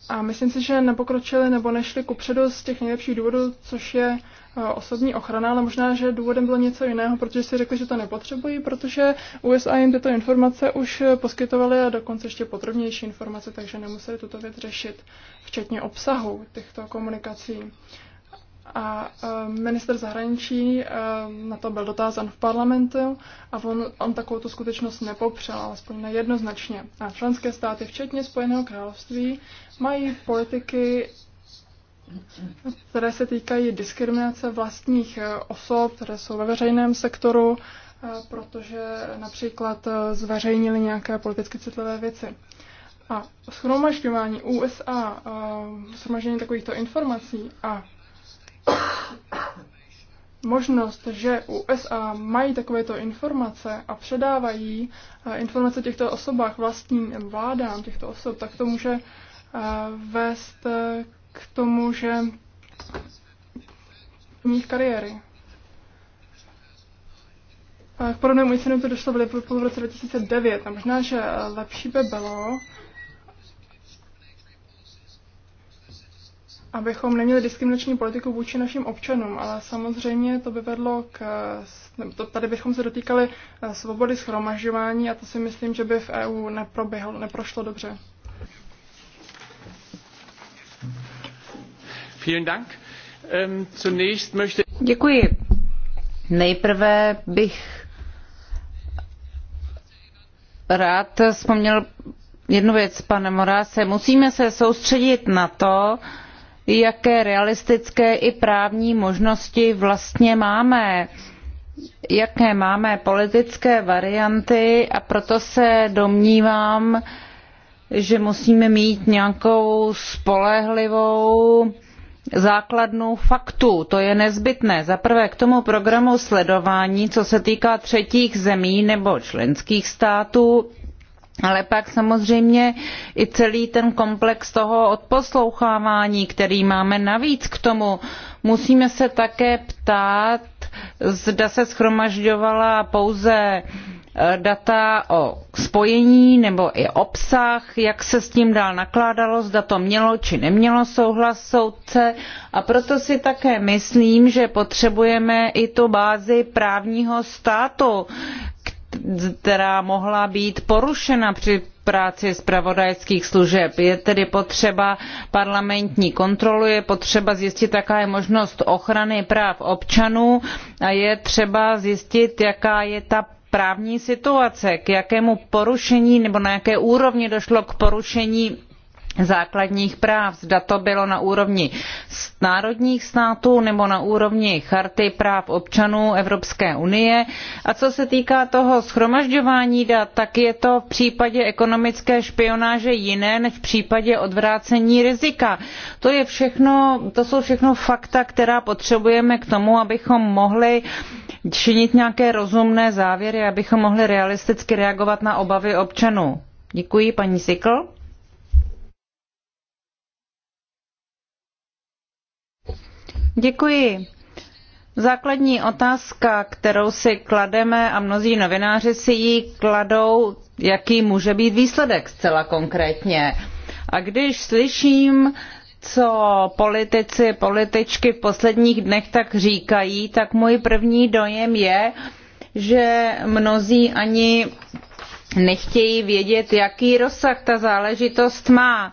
A myslím si, že nepokročili nebo nešli kupředu z těch nejlepších důvodů, což je e, osobní ochrana, ale možná, že důvodem bylo něco jiného, protože si řekli, že to nepotřebují, protože USA jim tyto informace už poskytovaly a dokonce ještě podrobnější informace, takže nemuseli tuto věc řešit, včetně obsahu těchto komunikací a eh, minister zahraničí eh, na to byl dotázan v parlamentu a on, on takovou tu skutečnost nepopřel, alespoň nejednoznačně. A členské státy, včetně Spojeného království, mají politiky, které se týkají diskriminace vlastních eh, osob, které jsou ve veřejném sektoru, protože například zveřejnili nějaké politicky citlivé věci. A schromažďování USA, schromaždění takovýchto informací a možnost, že USA mají takovéto informace a předávají eh, informace těchto osobách vlastním vládám těchto osob, tak to může eh, vést eh, k tomu, že nich kariéry. K podobnému incidentu došlo v v roce 2009 a možná, že lepší by bylo, abychom neměli diskriminační politiku vůči našim občanům, ale samozřejmě to by vedlo k... To, tady bychom se dotýkali eh, svobody schromažďování a to si myslím, že by v EU neproběhlo, neprošlo dobře. Vielen Dank. Ähm, zunächst möchte... Děkuji. Nejprve bych rád vzpomněl jednu věc, pane Morase. Musíme se soustředit na to, jaké realistické i právní možnosti vlastně máme jaké máme politické varianty a proto se domnívám, že musíme mít nějakou spolehlivou základnu faktů. To je nezbytné. Za prvé k tomu programu sledování, co se týká třetích zemí nebo členských států, ale pak samozřejmě i celý ten komplex toho odposlouchávání, který máme navíc k tomu. Musíme se také ptát, zda se schromažďovala pouze eh, data o spojení nebo i obsah, jak se s tím dál nakládalo, zda to mělo či nemělo souhlas soudce. A proto si také myslím, že potřebujeme i tu bázi právního státu, která mohla být porušena při práci zpravodajských služeb. Je tedy potřeba parlamentní kontrolu, je potřeba zjistit, jaká je možnost ochrany práv občanů a je třeba zjistit, jaká je ta právní situace, k jakému porušení nebo na jaké úrovni došlo k porušení základních práv. Zda to bylo na úrovni národních států nebo na úrovni charty práv občanů Evropské unie. A co se týká toho schromažďování dat, tak je to v případě ekonomické špionáže jiné než v případě odvrácení rizika. To, je všechno, to jsou všechno fakta, která potřebujeme k tomu, abychom mohli činit nějaké rozumné závěry, abychom mohli realisticky reagovat na obavy občanů. Děkuji, paní Sikl. Děkuji. Základní otázka, kterou si klademe a mnozí novináři si ji kladou, jaký může být výsledek zcela konkrétně. A když slyším, co politici, političky v posledních dnech tak říkají, tak můj první dojem je, že mnozí ani nechtějí vědět, jaký rozsah ta záležitost má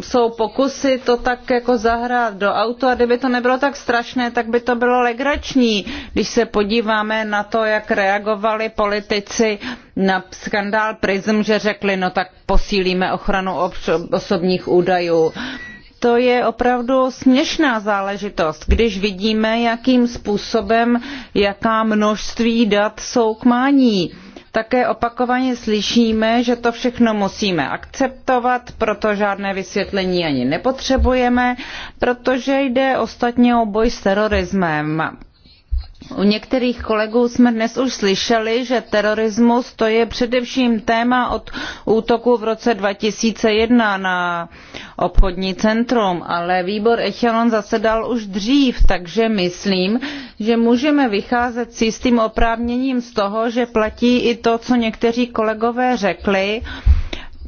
jsou pokusy to tak jako zahrát do auto a kdyby to nebylo tak strašné, tak by to bylo legrační, když se podíváme na to, jak reagovali politici na skandál Prism, že řekli, no tak posílíme ochranu osobních údajů. To je opravdu směšná záležitost, když vidíme, jakým způsobem, jaká množství dat jsou k mání také opakovaně slyšíme, že to všechno musíme akceptovat, proto žádné vysvětlení ani nepotřebujeme, protože jde ostatně o boj s terorismem. U některých kolegů jsme dnes už slyšeli, že terorismus to je především téma od útoku v roce 2001 na obchodní centrum, ale výbor Echelon zasedal už dřív, takže myslím, že můžeme vycházet s jistým oprávněním z toho, že platí i to, co někteří kolegové řekli,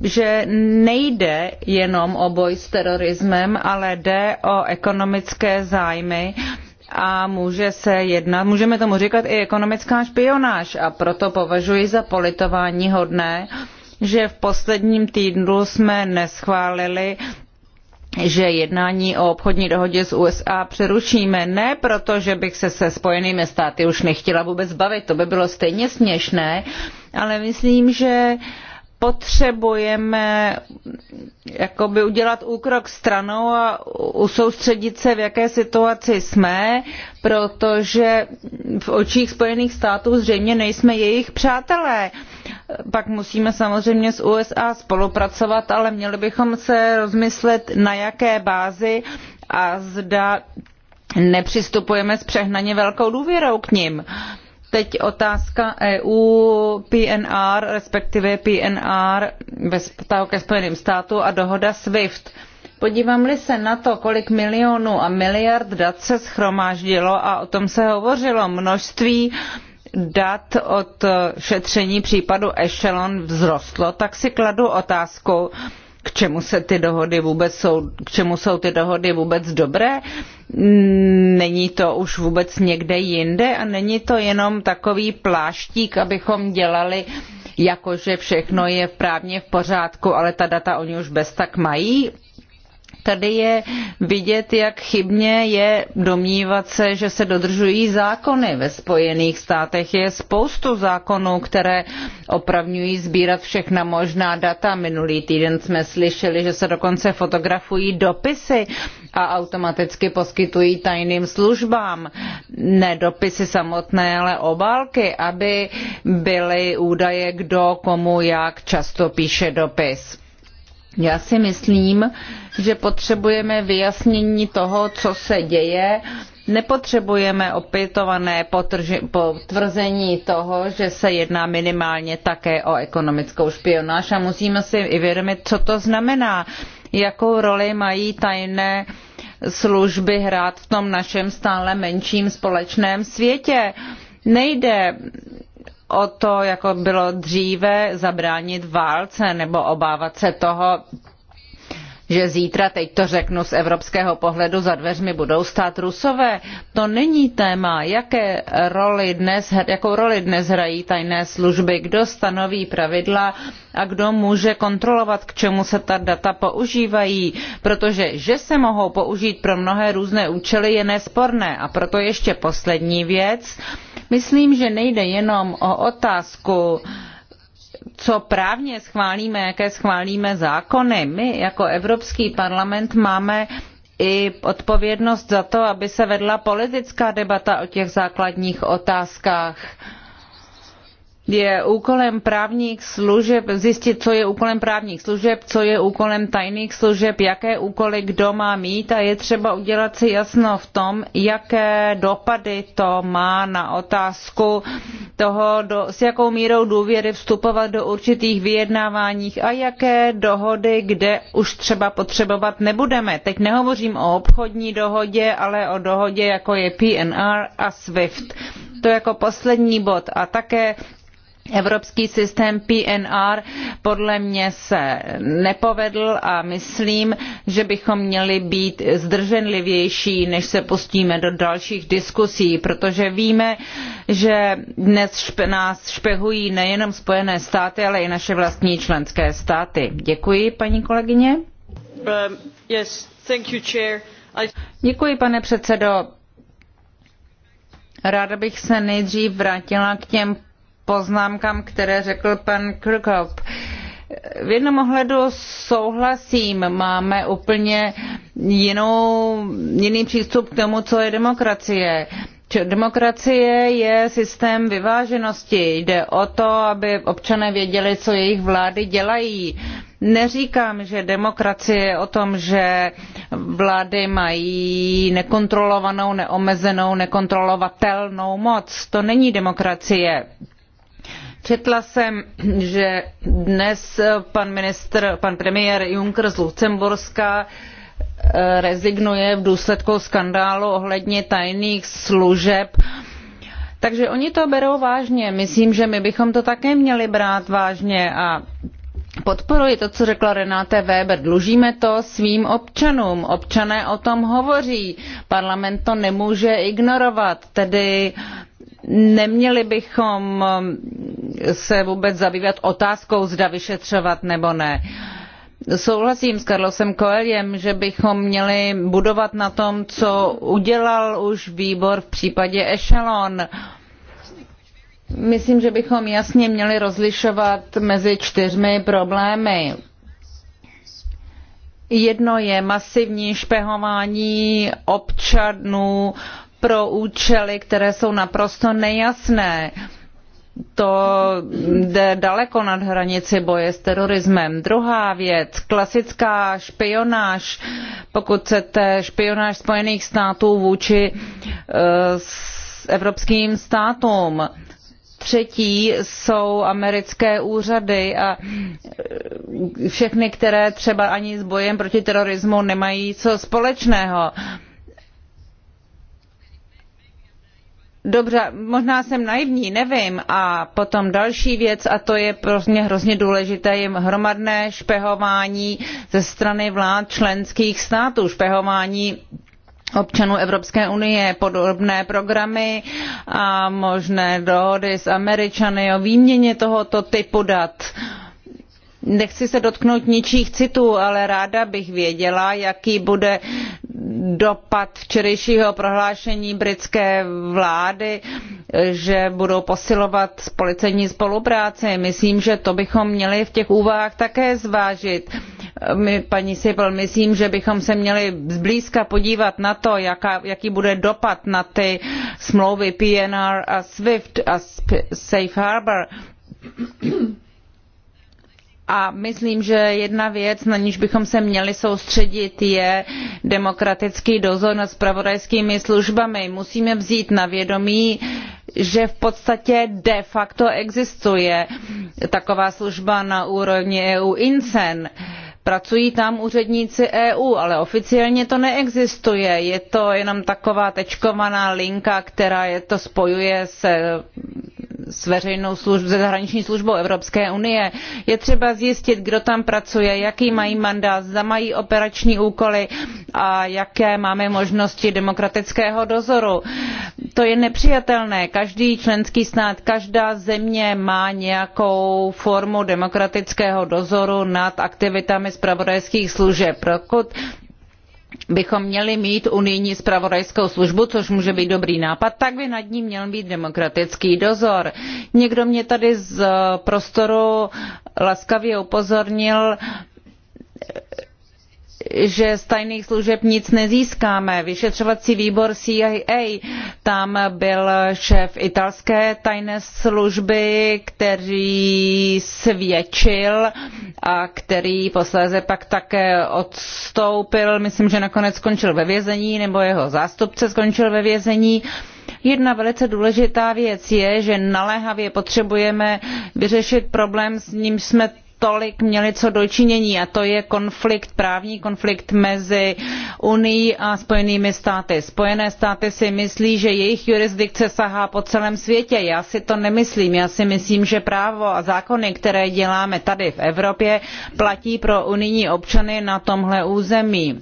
že nejde jenom o boj s terorismem, ale jde o ekonomické zájmy, a může se jednat, můžeme tomu říkat i ekonomická špionáž a proto považuji za politování hodné, že v posledním týdnu jsme neschválili že jednání o obchodní dohodě s USA přerušíme. Ne proto, že bych se se Spojenými státy už nechtěla vůbec bavit, to by bylo stejně směšné, ale myslím, že uh, potřebujeme jakoby udělat úkrok stranou a usoustředit se, v jaké situaci jsme, protože v očích Spojených států zřejmě nejsme jejich přátelé. Pak musíme samozřejmě s USA spolupracovat, ale měli bychom se rozmyslet, na jaké bázi a zda nepřistupujeme s přehnaně velkou důvěrou k nim. Uh, Teď otázka EU, PNR, respektive PNR ve vztahu ke Spojeným státům a dohoda SWIFT. Podívám-li se na to, kolik milionů a miliard dat se schromáždilo a o tom se hovořilo, množství dat od šetření případu Echelon vzrostlo, tak si kladu otázku, k čemu se ty dohody vůbec jsou, k čemu jsou ty dohody vůbec dobré? Není to už vůbec někde jinde a není to jenom takový pláštík, abychom dělali jakože všechno je právně v pořádku, ale ta data oni už bez tak mají? Tady je vidět, jak chybně je domnívat se, že se dodržují zákony. Ve Spojených státech je spoustu zákonů, které opravňují sbírat všechna možná data. Minulý týden jsme slyšeli, že se dokonce fotografují dopisy a automaticky poskytují tajným službám. Ne dopisy samotné, ale obálky, aby byly údaje, kdo komu jak často píše dopis. Já si myslím, že potřebujeme vyjasnění toho, co se děje. Nepotřebujeme opětované potvrzení toho, že se jedná minimálně také o ekonomickou špionáž a musíme si i vědomit, co to znamená, jakou roli mají tajné služby hrát v tom našem stále menším společném světě. Nejde o to, jako bylo dříve, zabránit válce nebo obávat se toho, že zítra, teď to řeknu z evropského pohledu, za dveřmi budou stát rusové. To není téma, jaké roli dnes, jakou roli dnes hrají tajné služby, kdo stanoví pravidla a kdo může kontrolovat, k čemu se ta data používají, protože že se mohou použít pro mnohé různé účely je nesporné. A proto ještě poslední věc. Myslím, že nejde jenom o otázku, co právně schválíme, jaké schválíme zákony. My jako Evropský parlament máme i odpovědnost za to, aby se vedla politická debata o těch základních otázkách. Uh, je úkolem právních služeb zjistit, co je úkolem právních služeb, co je úkolem tajných služeb, jaké úkoly kdo má mít a je třeba udělat si jasno v tom, jaké dopady to má na otázku toho, do, s jakou mírou důvěry vstupovat do určitých vyjednáváních a jaké dohody, kde už třeba potřebovat nebudeme. Teď nehovořím o obchodní dohodě, ale o dohodě, jako je PNR a SWIFT. To jako poslední bod a také Evropský systém PNR podle mě se nepovedl a myslím, že bychom měli být zdrženlivější, než se pustíme do dalších diskusí, protože víme, že dnes nás špehují nejenom Spojené státy, ale i naše vlastní členské státy. Děkuji, paní kolegyně. Um, yes, thank you, chair. I... Děkuji, pane předsedo. Ráda bych se nejdřív vrátila k těm poznámkám, které řekl pan Krkop. V jednom ohledu souhlasím, máme úplně jinou, jiný přístup k tomu, co je demokracie. Demokracie je systém vyváženosti. Jde o to, aby občané věděli, co jejich vlády dělají. Neříkám, že demokracie je o tom, že vlády mají nekontrolovanou, neomezenou, nekontrolovatelnou moc. To není demokracie. Četla jsem, že dnes pan ministr, pan premiér Juncker z Lucemburska eh, rezignuje v důsledku skandálu ohledně tajných služeb. Takže oni to berou vážně. Myslím, že my bychom to také měli brát vážně a Podporuji to, co řekla Renáte Weber. Dlužíme to svým občanům. Občané o tom hovoří. Parlament to nemůže ignorovat. Tedy neměli bychom um, se vůbec zabývat otázkou, zda vyšetřovat nebo ne. Souhlasím s Carlosem Koeljem, že bychom měli budovat na tom, co udělal už výbor v případě Echelon. Myslím, že bychom jasně měli rozlišovat mezi čtyřmi problémy. Jedno je masivní špehování občanů pro účely, které jsou naprosto nejasné. To jde daleko nad hranici boje s terorismem. Druhá věc, klasická špionáž, pokud chcete, špionáž Spojených států vůči eh, s evropským státům třetí jsou americké úřady a eh, všechny, které třeba ani s bojem proti terorismu nemají co společného. dobře, možná jsem naivní, nevím. A potom další věc, a to je pro mě hrozně důležité, je hromadné špehování ze strany vlád členských států, špehování občanů Evropské unie podobné programy a možné dohody s Američany o výměně tohoto typu dat. Uh, nechci se dotknout ničích citů ale ráda bych věděla jaký bude dopad včerejšího prohlášení britské vlády že budou posilovat policejní spolupráci. myslím že to bychom měli v těch úvahách také zvážit. My, paní sippel myslím že bychom se měli zblízka podívat na to jaká, jaký bude dopad na ty smlouvy pnr a swift a safe harbour a myslím že jedna věc na niž bychom se měli soustředit je demokratický dozor nad zpravodajskými službami. musíme vzít na vědomí že v podstatě de facto existuje taková služba na úrovni eu incen. Pracují tam úředníci EU, ale oficiálně to neexistuje. Je to jenom taková tečkovaná linka, která je to spojuje se s veřejnou službou, se zahraniční službou Evropské unie. Je třeba zjistit, kdo tam pracuje, jaký mají mandát, zda mají operační úkoly a jaké máme možnosti demokratického dozoru. To je nepřijatelné. Každý členský stát, každá země má nějakou formu demokratického dozoru nad aktivitami zpravodajských služeb. Pokud bychom měli mít unijní zpravodajskou službu, což může být dobrý nápad, tak by nad ní měl být demokratický dozor. Někdo mě tady z prostoru laskavě upozornil, že z tajných služeb nic nezískáme. Vyšetřovací výbor CIA, tam byl šéf italské tajné služby, který svědčil a který posléze pak také odstoupil. Myslím, že nakonec skončil ve vězení, nebo jeho zástupce skončil ve vězení. Jedna velice důležitá věc je, že naléhavě potřebujeme vyřešit problém, s nímž jsme tolik měli co dočinění a to je konflikt, právní konflikt mezi Unii a Spojenými státy. Spojené státy si myslí, že jejich jurisdikce sahá po celém světě. Já si to nemyslím. Já si myslím, že právo a zákony, které děláme tady v Evropě, platí pro unijní občany na tomhle území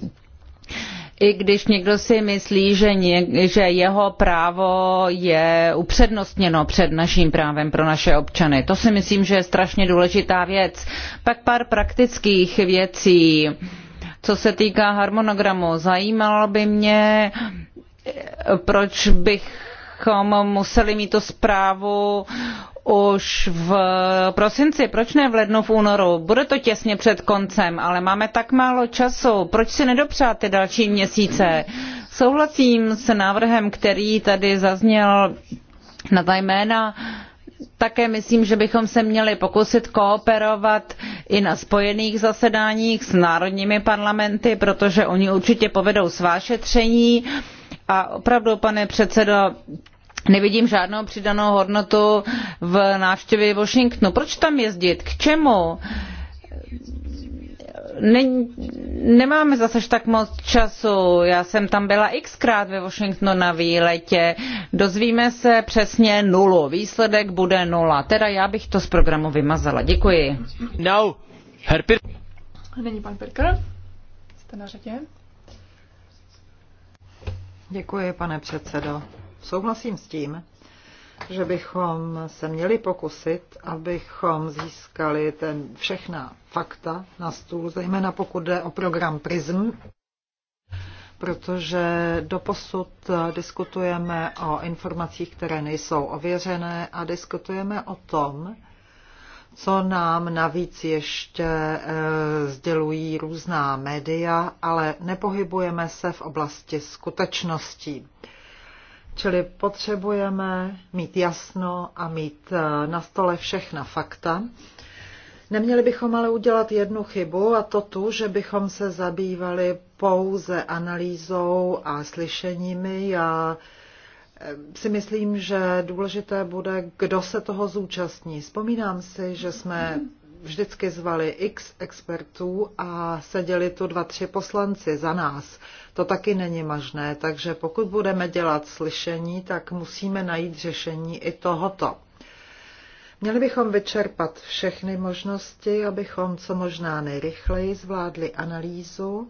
i když někdo si myslí, že, ně, že jeho právo je upřednostněno před naším právem pro naše občany. To si myslím, že je strašně důležitá věc. Pak pár praktických věcí. Co se týká harmonogramu, zajímalo by mě, proč bychom museli mít tu zprávu už v prosinci, proč ne v lednu, v únoru? Bude to těsně před koncem, ale máme tak málo času. Proč si nedopřát ty další měsíce? Souhlasím s návrhem, který tady zazněl na ta jména. Také myslím, že bychom se měli pokusit kooperovat i na spojených zasedáních s národními parlamenty, protože oni určitě povedou svá šetření. A opravdu, pane předsedo, Nevidím žádnou přidanou hodnotu v návštěvě Washingtonu. Proč tam jezdit? K čemu? Ne, nemáme zase tak moc času. Já jsem tam byla xkrát ve Washingtonu na výletě. Dozvíme se přesně nulu. Výsledek bude nula. Teda já bych to z programu vymazala. Děkuji. No, Herpir. Není pan Pirker? Jste na řadě? Děkuji, pane předsedo. Souhlasím s tím, že bychom se měli pokusit, abychom získali ten všechna fakta na stůl, zejména pokud jde o program PRISM, protože doposud diskutujeme o informacích, které nejsou ověřené a diskutujeme o tom, co nám navíc ještě e, sdělují různá média, ale nepohybujeme se v oblasti skutečností. Čili potřebujeme mít jasno a mít eh, na stole všechna fakta. Neměli bychom ale udělat jednu chybu a to tu, že bychom se zabývali pouze analýzou a slyšeními. Já eh, si myslím, že důležité bude, kdo se toho zúčastní. Vzpomínám si, že jsme vždycky zvali x expertů a seděli tu dva, tři poslanci za nás. To taky není možné, takže pokud budeme dělat slyšení, tak musíme najít řešení i tohoto. Měli bychom vyčerpat všechny možnosti, abychom co možná nejrychleji zvládli analýzu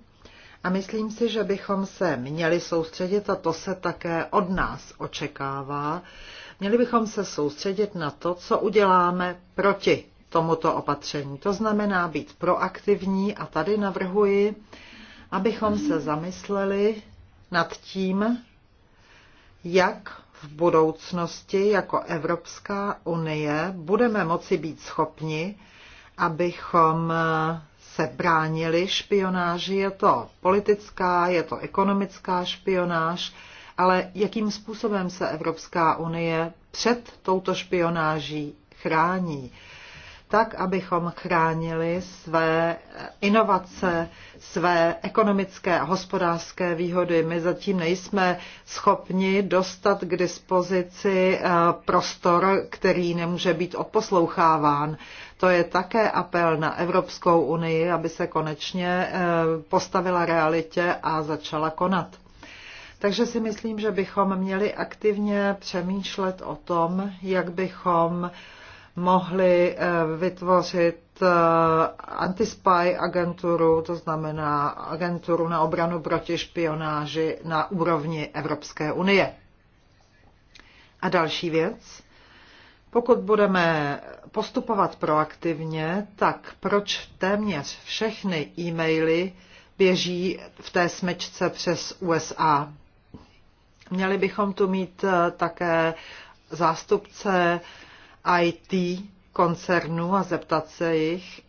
a myslím si, že bychom se měli soustředit, a to se také od nás očekává, měli bychom se soustředit na to, co uděláme proti tomuto opatření. To znamená být proaktivní a tady navrhuji, abychom se zamysleli nad tím, jak v budoucnosti jako Evropská unie budeme moci být schopni, abychom se bránili špionáži. Je to politická, je to ekonomická špionáž, ale jakým způsobem se Evropská unie před touto špionáží chrání? tak abychom chránili své inovace, své ekonomické a hospodářské výhody. My zatím nejsme schopni dostat k dispozici eh, prostor, který nemůže být odposloucháván. To je také apel na Evropskou unii, aby se konečně eh, postavila realitě a začala konat. Takže si myslím, že bychom měli aktivně přemýšlet o tom, jak bychom mohli eh, vytvořit eh, antispy agenturu, to znamená agenturu na obranu proti špionáži na úrovni Evropské unie. A další věc. Pokud budeme postupovat proaktivně, tak proč téměř všechny e-maily běží v té smečce přes USA? Měli bychom tu mít eh, také zástupce uh, IT koncernů a zeptat se jich,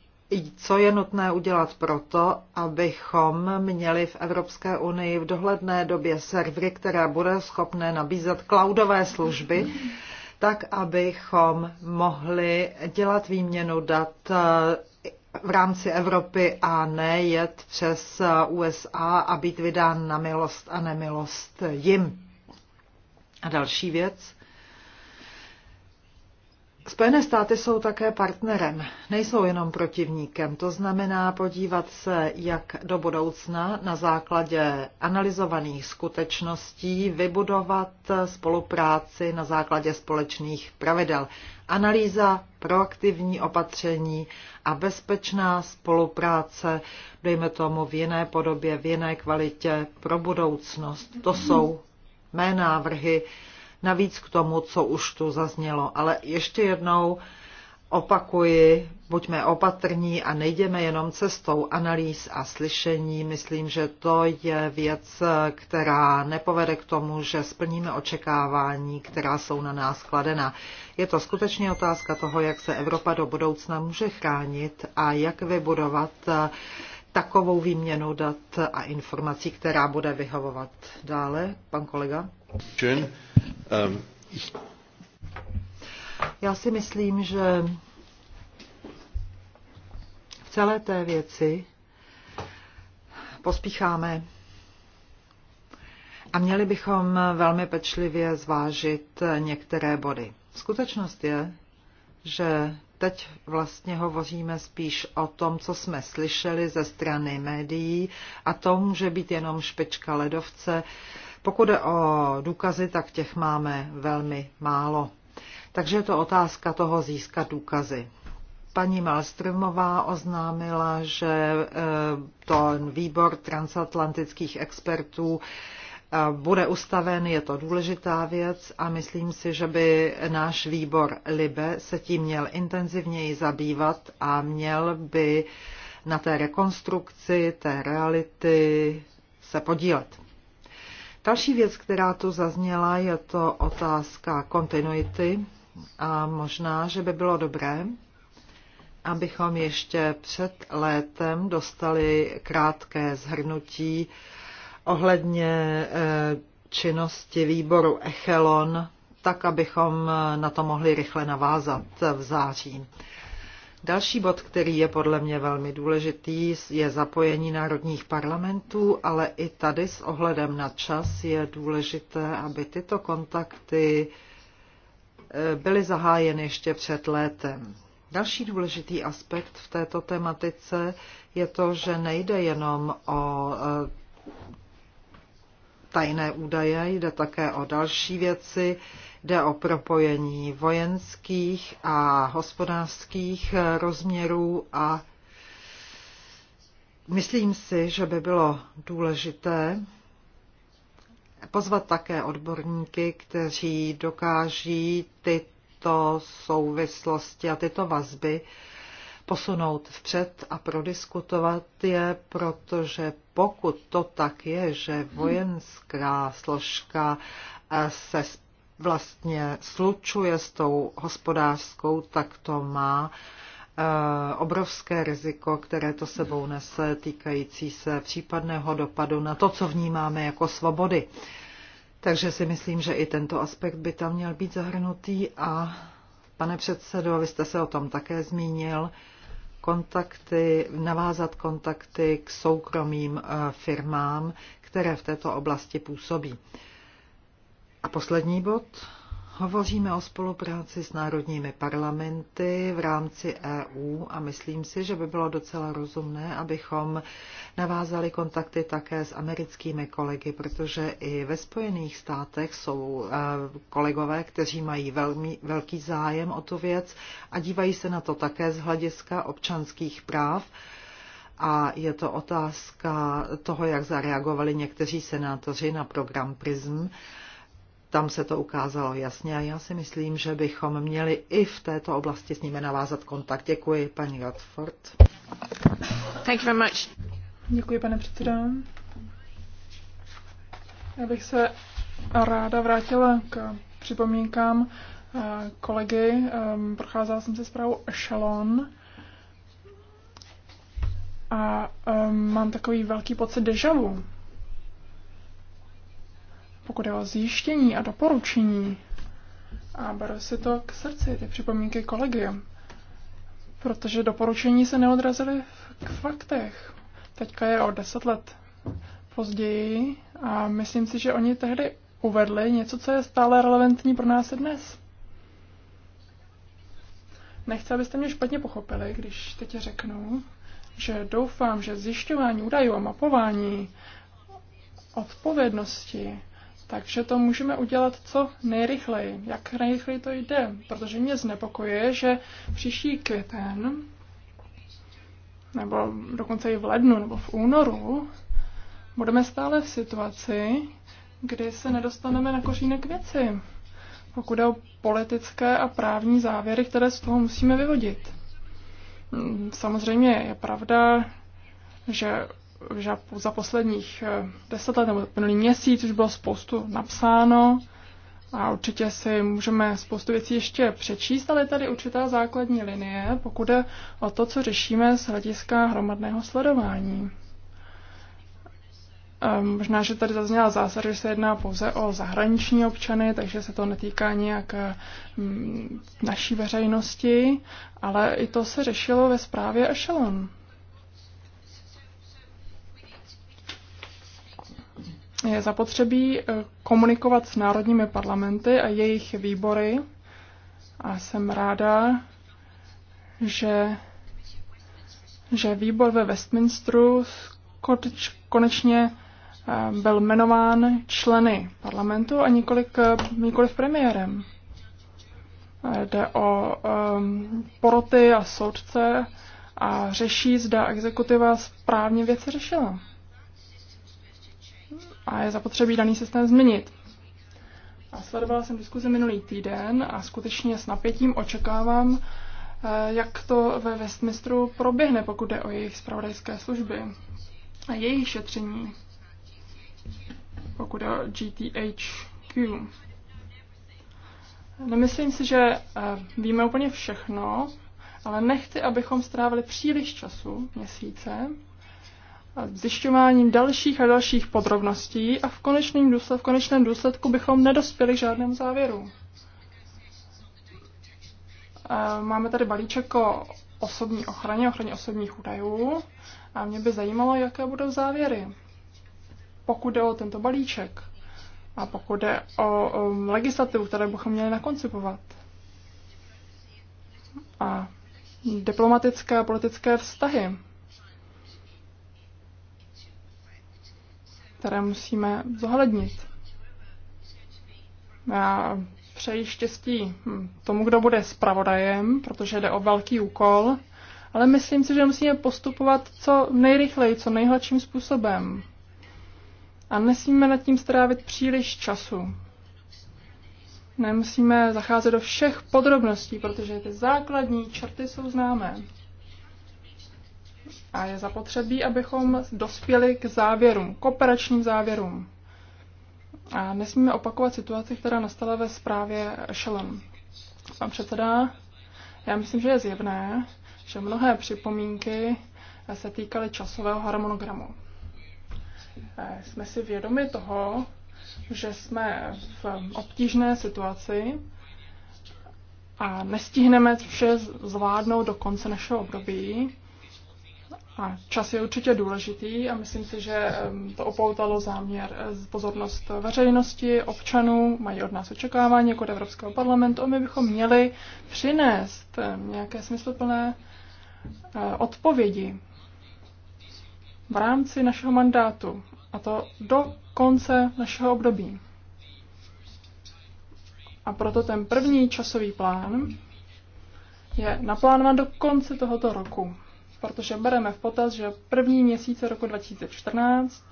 co je nutné udělat proto, abychom měli v Evropské unii v dohledné době servery, které bude schopné nabízet cloudové služby, tak abychom mohli dělat výměnu dat eh, v rámci Evropy a ne jet přes eh, USA a být vydán na milost a nemilost jim. A další věc. Spojené státy jsou také partnerem, nejsou jenom protivníkem. To znamená podívat se, jak do budoucna na základě analyzovaných skutečností vybudovat spolupráci na základě společných pravidel. Analýza, proaktivní opatření a bezpečná spolupráce, dejme tomu v jiné podobě, v jiné kvalitě pro budoucnost. To jsou mé návrhy navíc k tomu, co už tu zaznělo. Ale ještě jednou opakuji, buďme opatrní a nejdeme jenom cestou analýz a slyšení. Myslím, že to je věc, která nepovede k tomu, že splníme očekávání, která jsou na nás kladena. Je to skutečně otázka toho, jak se Evropa do budoucna může chránit a jak vybudovat eh, takovou výměnu dat a informací, která bude vyhovovat. Dále, pan kolega. Ähm, Já si myslím, že v celé té věci pospícháme a měli bychom velmi pečlivě zvážit některé body. Skutečnost je, že teď vlastně hovoříme spíš o tom, co jsme slyšeli ze strany médií a to může být jenom špička ledovce pokud je o důkazy, tak těch máme velmi málo. Takže je to otázka toho získat důkazy. Paní Malströmová oznámila, že eh, to výbor transatlantických expertů eh, bude ustaven, je to důležitá věc a myslím si, že by náš výbor LIBE se tím měl intenzivněji zabývat a měl by na té rekonstrukci té reality se podílet. Další věc, která tu zazněla, je to otázka kontinuity a možná, že by bylo dobré, abychom ještě před létem dostali krátké zhrnutí ohledně eh, činnosti výboru Echelon, tak abychom na to mohli rychle navázat v září. Další bod, který je podle mě velmi důležitý, je zapojení národních parlamentů, ale i tady s ohledem na čas je důležité, aby tyto kontakty eh, byly zahájeny ještě před létem. Další důležitý aspekt v této tematice je to, že nejde jenom o eh, tajné údaje, jde také o další věci, jde o propojení vojenských a hospodářských rozměrů a myslím si, že by bylo důležité pozvat také odborníky, kteří dokáží tyto souvislosti a tyto vazby posunout vpřed a prodiskutovat je, protože pokud to tak je, že vojenská složka se vlastně slučuje s tou hospodářskou, tak to má eh, obrovské riziko, které to sebou nese, týkající se případného dopadu na to, co vnímáme jako svobody. Takže si myslím, že i tento aspekt by tam měl být zahrnutý a pane předsedo, vy jste se o tom také zmínil, kontakty, navázat kontakty k soukromým eh, firmám, které v této oblasti působí. A poslední bod. Hovoříme o spolupráci s národními parlamenty v rámci EU a myslím si, že by bylo docela rozumné, abychom navázali kontakty také s americkými kolegy, protože i ve Spojených státech jsou eh, kolegové, kteří mají velmi, velký zájem o tu věc a dívají se na to také z hlediska občanských práv. A je to otázka toho, jak zareagovali někteří senátoři na program PRISM tam se to ukázalo jasně a já si myslím, že bychom měli i v této oblasti s nimi navázat kontakt. Děkuji, paní Radford. Thank you very much. Děkuji, pane předsedo. Já bych se ráda vrátila k připomínkám eh, kolegy. Ehm, procházela jsem se zprávou Echelon a ehm, mám takový velký pocit dejavu pokud je o zjištění a doporučení, a beru si to k srdci, ty připomínky kolegium, protože doporučení se neodrazily k faktech. Teďka je o deset let později a myslím si, že oni tehdy uvedli něco, co je stále relevantní pro nás i dnes. Nechci, abyste mě špatně pochopili, když teď řeknu, že doufám, že zjišťování údajů a mapování odpovědnosti takže to můžeme udělat co nejrychleji, jak nejrychleji to jde, protože mě znepokojuje, že příští květen, nebo dokonce i v lednu nebo v únoru, budeme stále v situaci, kdy se nedostaneme na kořínek věci, pokud o politické a právní závěry, které z toho musíme vyvodit. Samozřejmě je pravda, že že za posledních eh, deset let nebo minulý měsíc už bylo spoustu napsáno a určitě si můžeme spoustu věcí ještě přečíst, ale je tady určitá základní linie, pokud je o to, co řešíme z hlediska hromadného sledování. Eh, možná, že tady zazněla zásada, že se jedná pouze o zahraniční občany, takže se to netýká nějak eh, naší veřejnosti, ale i to se řešilo ve zprávě Echelon. Vlastně je zapotřebí eh, komunikovat s národními parlamenty a jejich výbory. A jsem ráda, že, že výbor ve Westminsteru konečně eh, byl jmenován členy parlamentu a nikoliv, eh, nikoliv premiérem. Jde o um, poroty a soudce a řeší, zda exekutiva správně věci řešila a je zapotřebí daný systém změnit. A sledovala jsem diskuzi minulý týden a skutečně s napětím očekávám, eh, jak to ve Westminsteru proběhne, pokud jde o jejich spravodajské služby a jejich šetření, pokud jde o GTHQ. Nemyslím si, že eh, víme úplně všechno, ale nechci, abychom strávili příliš času, měsíce, zjišťováním dalších a dalších podrobností a v konečném důsledku, v konečném důsledku bychom nedospěli k žádnému závěru. Máme tady balíček o osobní ochraně, ochraně osobních údajů a mě by zajímalo, jaké budou závěry, pokud jde o tento balíček a pokud jde o um, legislativu, které bychom měli nakoncipovat. A diplomatické a politické vztahy. které musíme zohlednit. Já přeji štěstí hm, tomu, kdo bude zpravodajem, protože jde o velký úkol, ale myslím si, že musíme postupovat co nejrychleji, co nejhladším způsobem. A nesmíme nad tím strávit příliš času. Nemusíme zacházet do všech podrobností, protože ty základní črty jsou známé a je zapotřebí, abychom dospěli k závěrům, operačním závěrům. A nesmíme opakovat situaci, která nastala ve zprávě Echelon. Pan předseda, já myslím, že je zjevné, že mnohé připomínky se týkaly časového harmonogramu. Eh, jsme si vědomi toho, že jsme v obtížné situaci a nestihneme vše zvládnout do konce našeho období. A čas je určitě důležitý a myslím si, že to opoutalo záměr eh, pozornost veřejnosti, občanů, mají od nás očekávání jako od Evropského parlamentu a my bychom měli přinést nějaké smysluplné eh, odpovědi v rámci našeho mandátu a to do konce našeho období. A proto ten první časový plán je naplánován do konce tohoto roku protože bereme v potaz, že první měsíce roku 2014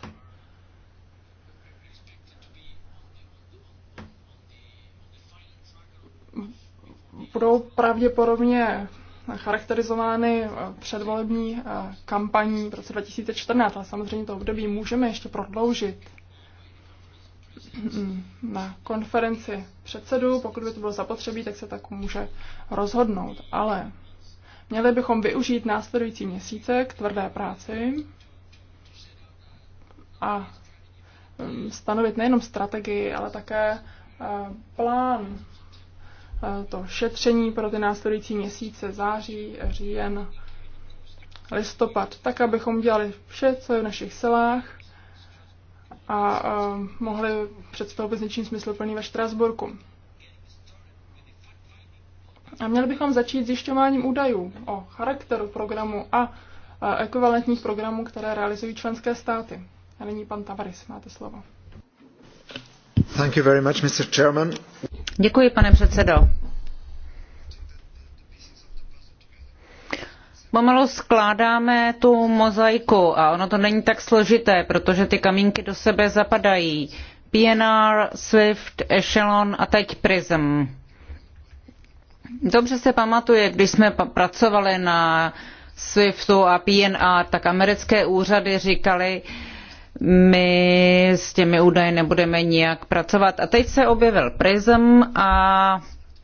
budou pravděpodobně charakterizovány eh, předvolební eh, kampaní v roce 2014, ale samozřejmě to období můžeme ještě prodloužit na konferenci předsedů, pokud by to bylo zapotřebí, tak se tak může rozhodnout. Ale Měli bychom využít následující měsíce k tvrdé práci a mm, stanovit nejenom strategii, ale také e, plán e, to šetření pro ty následující měsíce září, říjen, listopad, tak abychom dělali vše, co je v našich silách a, e, mohli představit s něčím smysluplný ve Štrasburku. A měli bychom začít zjišťováním údajů o charakteru programu a ekvivalentních programů, které realizují členské státy. A nyní pan Tavares, máte slovo. Thank you very much, Mr. Chairman. Děkuji, pane předsedo. Pomalu skládáme tu mozaiku a ono to není tak složité, protože ty kamínky do sebe zapadají. PNR, SWIFT, Echelon a teď PRISM Dobře se pamatuje, když jsme pracovali na SWIFTu a PNR, tak americké úřady říkali, my s těmi údaji nebudeme nijak pracovat. A teď se objevil PRISM a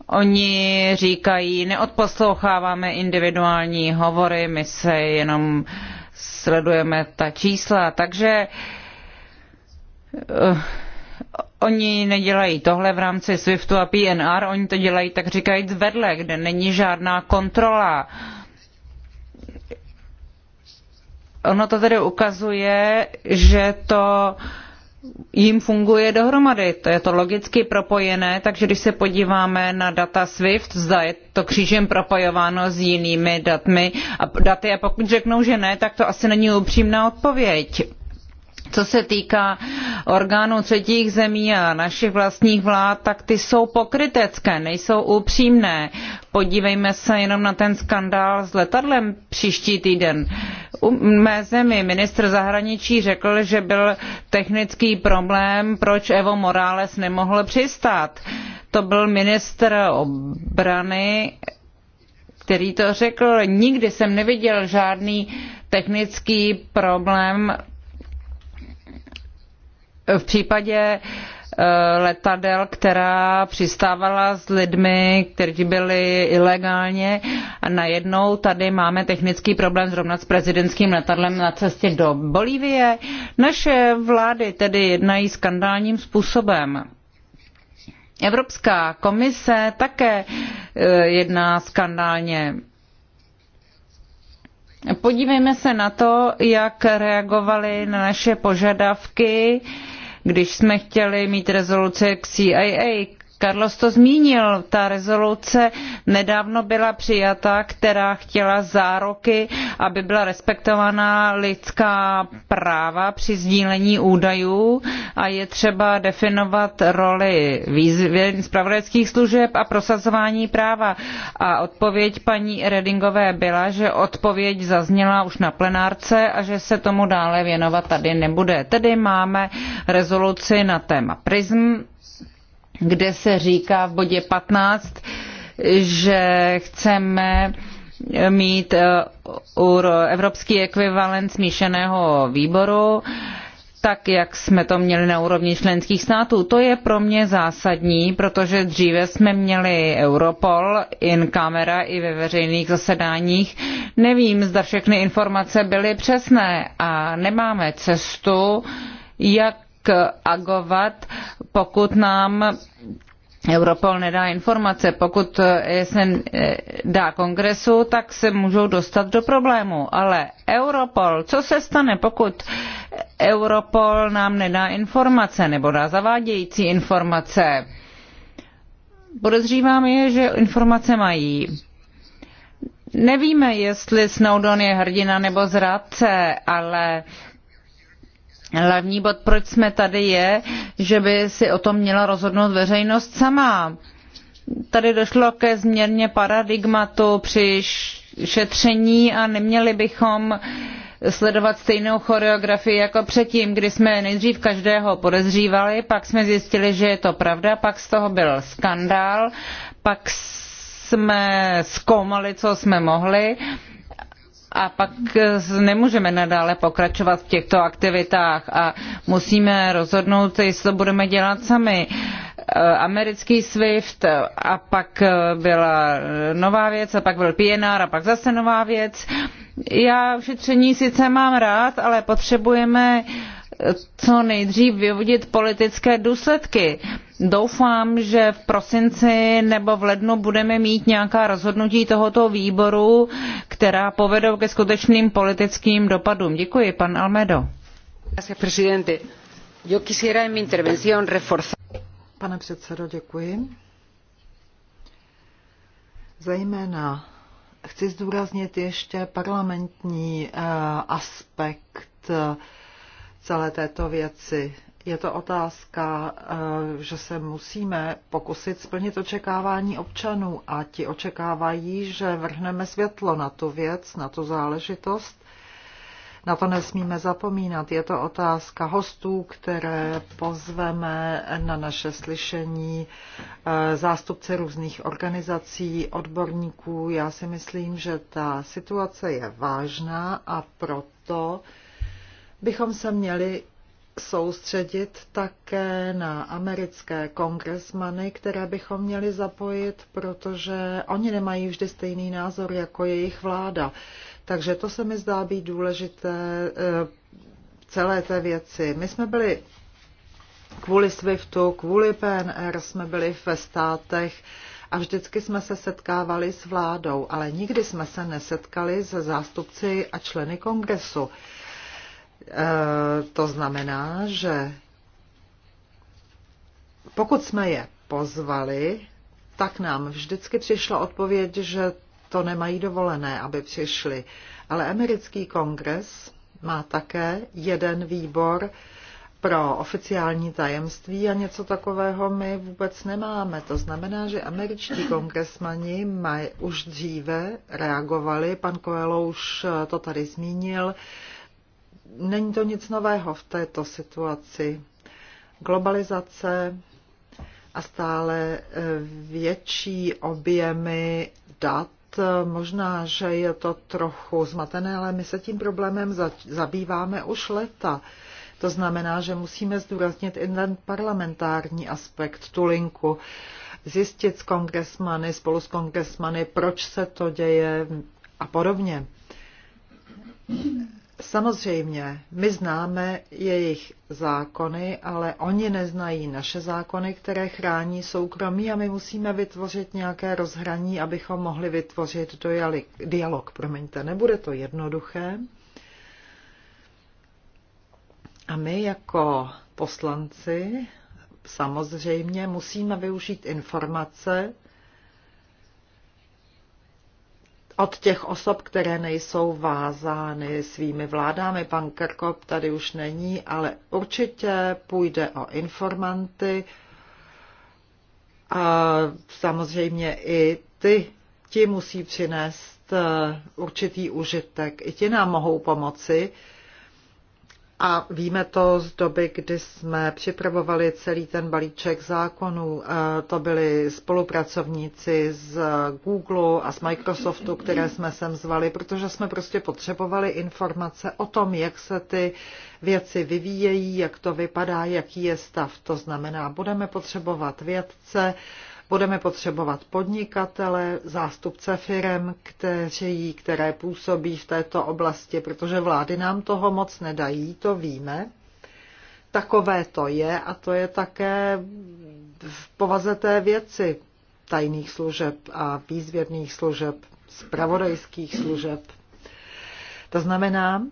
oni říkají, neodposloucháváme individuální hovory, my se jenom sledujeme ta čísla. Takže eh, Oni nedělají tohle v rámci SWIFTu a PNR, oni to dělají tak říkajíc vedle, kde není žádná kontrola. Ono to tedy ukazuje, že to jim funguje dohromady. To je to logicky propojené, takže když se podíváme na data SWIFT, zda je to křížem propojováno s jinými datmi a daty a pokud řeknou, že ne, tak to asi není upřímná odpověď co se týká orgánů třetích zemí a našich vlastních vlád, tak ty jsou pokrytecké, nejsou upřímné. Podívejme se jenom na ten skandál s letadlem příští týden. U mé zemi ministr zahraničí řekl, že byl technický problém, proč Evo Morales nemohl přistát. To byl ministr obrany, který to řekl. Nikdy jsem neviděl žádný technický problém v případě eh, letadel, která přistávala s lidmi, kteří byli ilegálně a najednou tady máme technický problém zrovna s prezidentským letadlem na cestě do Bolívie. Naše vlády tedy jednají skandálním způsobem. Evropská komise také eh, jedná skandálně. Podívejme se na to, jak reagovali na naše požadavky když jsme chtěli mít rezoluce k CIA, Carlos to zmínil, ta rezoluce nedávno byla přijata, která chtěla zároky, aby byla respektována lidská práva při sdílení údajů a je třeba definovat roli zpravodajských služeb a prosazování práva. A odpověď paní Redingové byla, že odpověď zazněla už na plenárce a že se tomu dále věnovat tady nebude. Tedy máme rezoluci na téma PRISM, kde se říká v bodě 15, že chceme mít eh, evropský ekvivalent smíšeného výboru, tak jak jsme to měli na úrovni členských států. To je pro mě zásadní, protože dříve jsme měli Europol in kamera i ve veřejných zasedáních. Nevím, zda všechny informace byly přesné a nemáme cestu, jak agovat pokud nám Europol nedá informace. Pokud eh, se eh, dá kongresu, tak se můžou dostat do problému. Ale Europol, co se stane, pokud Europol nám nedá informace nebo dá zavádějící informace? Podezřívám je, že informace mají. Nevíme, jestli Snowdon je hrdina nebo zradce, ale hlavní bod, proč jsme tady, je, že by si o tom měla rozhodnout veřejnost sama. Tady došlo ke změně paradigmatu při šetření a neměli bychom sledovat stejnou choreografii jako předtím, kdy jsme nejdřív každého podezřívali, pak jsme zjistili, že je to pravda, pak z toho byl skandál, pak jsme zkoumali, co jsme mohli a pak eh, nemůžeme nadále pokračovat v těchto aktivitách a musíme rozhodnout, jestli to budeme dělat sami. Eh, americký SWIFT eh, a pak byla nová věc a pak byl PNR a pak zase nová věc. Já šetření sice mám rád, ale potřebujeme uh, co nejdřív vyvodit politické důsledky. Doufám, že v prosinci nebo v lednu budeme mít nějaká rozhodnutí tohoto výboru, která povedou ke skutečným politickým dopadům. Děkuji, pan Almedo. Pane předsedo, děkuji. Zajména chci zdůraznit ještě parlamentní eh, aspekt eh, celé této věci. Je to otázka, eh, že se musíme pokusit splnit očekávání občanů a ti očekávají, že vrhneme světlo na tu věc, na tu záležitost. Na to nesmíme zapomínat. Je to otázka hostů, které pozveme na naše slyšení, eh, zástupce různých organizací, odborníků. Já si myslím, že ta situace je vážná a proto bychom se měli soustředit také na americké kongresmany, které bychom měli zapojit, protože oni nemají vždy stejný názor jako jejich vláda. Takže to se mi zdá být důležité eh, celé té věci. My jsme byli kvůli SWIFTu, kvůli PNR jsme byli ve státech a vždycky jsme se setkávali s vládou, ale nikdy jsme se nesetkali se zástupci a členy kongresu. E, to znamená, že pokud jsme je pozvali, tak nám vždycky přišla odpověď, že to nemají dovolené, aby přišli. Ale americký kongres má také jeden výbor pro oficiální tajemství a něco takového my vůbec nemáme. To znamená, že američtí kongresmani maj, už dříve reagovali, pan Koelo už to tady zmínil, není to nic nového v této situaci. Globalizace a stále e, větší objemy dat. Možná, že je to trochu zmatené, ale my se tím problémem zabýváme už leta. To znamená, že musíme zdůraznit i ten parlamentární aspekt, tu linku, zjistit s kongresmany, spolu s kongresmany, proč se to děje a podobně. Samozřejmě, my známe jejich zákony, ale oni neznají naše zákony, které chrání soukromí a my musíme vytvořit nějaké rozhraní, abychom mohli vytvořit dojali, dialog. Promiňte, nebude to jednoduché. A my jako poslanci samozřejmě musíme využít informace, od těch osob, které nejsou vázány svými vládami. Pan Krkop tady už není, ale určitě půjde o informanty. A samozřejmě i ty, ti musí přinést eh, určitý užitek. I ti nám mohou pomoci a víme to z doby, kdy jsme připravovali celý ten balíček zákonů. E, to byli spolupracovníci z Google a z Microsoftu, které jsme sem zvali, protože jsme prostě potřebovali informace o tom, jak se ty věci vyvíjejí, jak to vypadá, jaký je stav. To znamená, budeme potřebovat vědce, Budeme potřebovat podnikatele, zástupce firem, kteří, které působí v této oblasti, protože vlády nám toho moc nedají, to víme. Takové to je a to je také v povaze té věci tajných služeb a výzvědných služeb, spravodajských služeb. To znamená,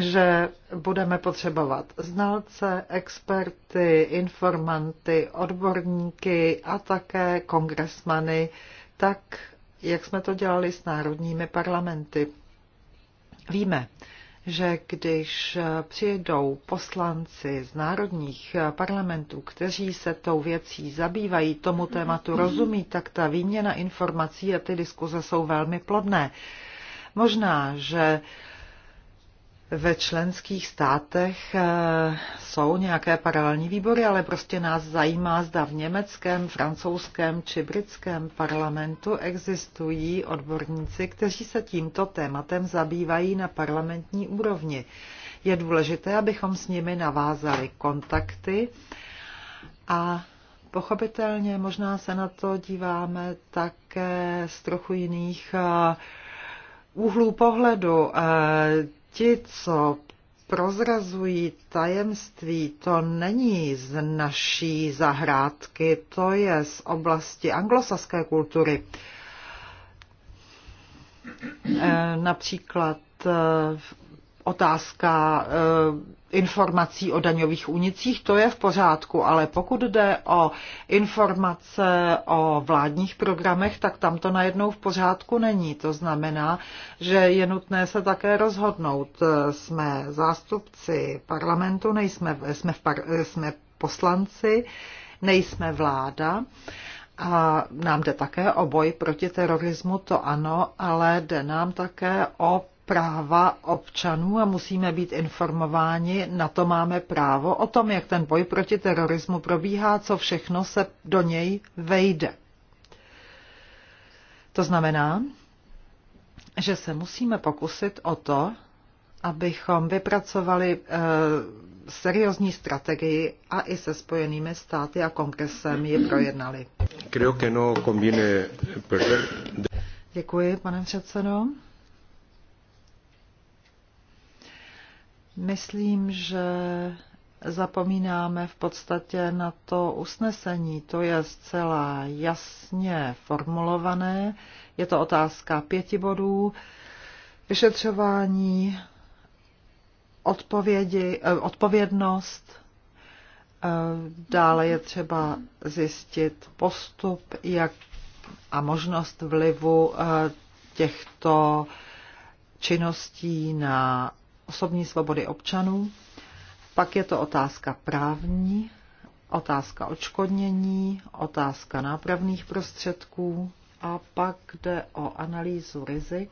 že budeme potřebovat znalce, experty, informanty, odborníky a také kongresmany, tak jak jsme to dělali s národními parlamenty. Víme, že když přijedou poslanci z národních parlamentů, kteří se tou věcí zabývají, tomu tématu rozumí, tak ta výměna informací a ty diskuze jsou velmi plodné. Možná, že uh, ve členských státech eh, jsou nějaké paralelní výbory, ale prostě nás zajímá, zda v německém, francouzském či britském parlamentu existují odborníci, kteří se tímto tématem zabývají na parlamentní úrovni. Je důležité, abychom s nimi navázali kontakty a pochopitelně možná se na to díváme také z trochu jiných eh, úhlů pohledu eh, ti, co prozrazují tajemství, to není z naší zahrádky, to je z oblasti anglosaské kultury. E, například e, otázka eh, informací o daňových únicích, to je v pořádku, ale pokud jde o informace o vládních programech, tak tam to najednou v pořádku není. To znamená, že je nutné se také rozhodnout. Jsme zástupci parlamentu, nejsme, jsme, v par, jsme poslanci, nejsme vláda. A nám jde také o boj proti terorismu, to ano, ale jde nám také o práva občanů a musíme být informováni, na to máme právo, o tom, jak ten boj proti terorismu probíhá, co všechno se do něj vejde. To znamená, že se musíme pokusit o to, abychom vypracovali e, seriózní strategii a i se spojenými státy a kongresem ji projednali. Creo que no conviene Děkuji, pane předsedo. Myslím, že zapomínáme v podstatě na to usnesení. To je zcela jasně formulované. Je to otázka pěti bodů. Vyšetřování, odpovědi, eh, odpovědnost, eh, dále je třeba zjistit postup jak a možnost vlivu eh, těchto činností na osobní svobody občanů. Pak je to otázka právní, otázka odškodnění, otázka nápravných prostředků a pak jde o analýzu rizik.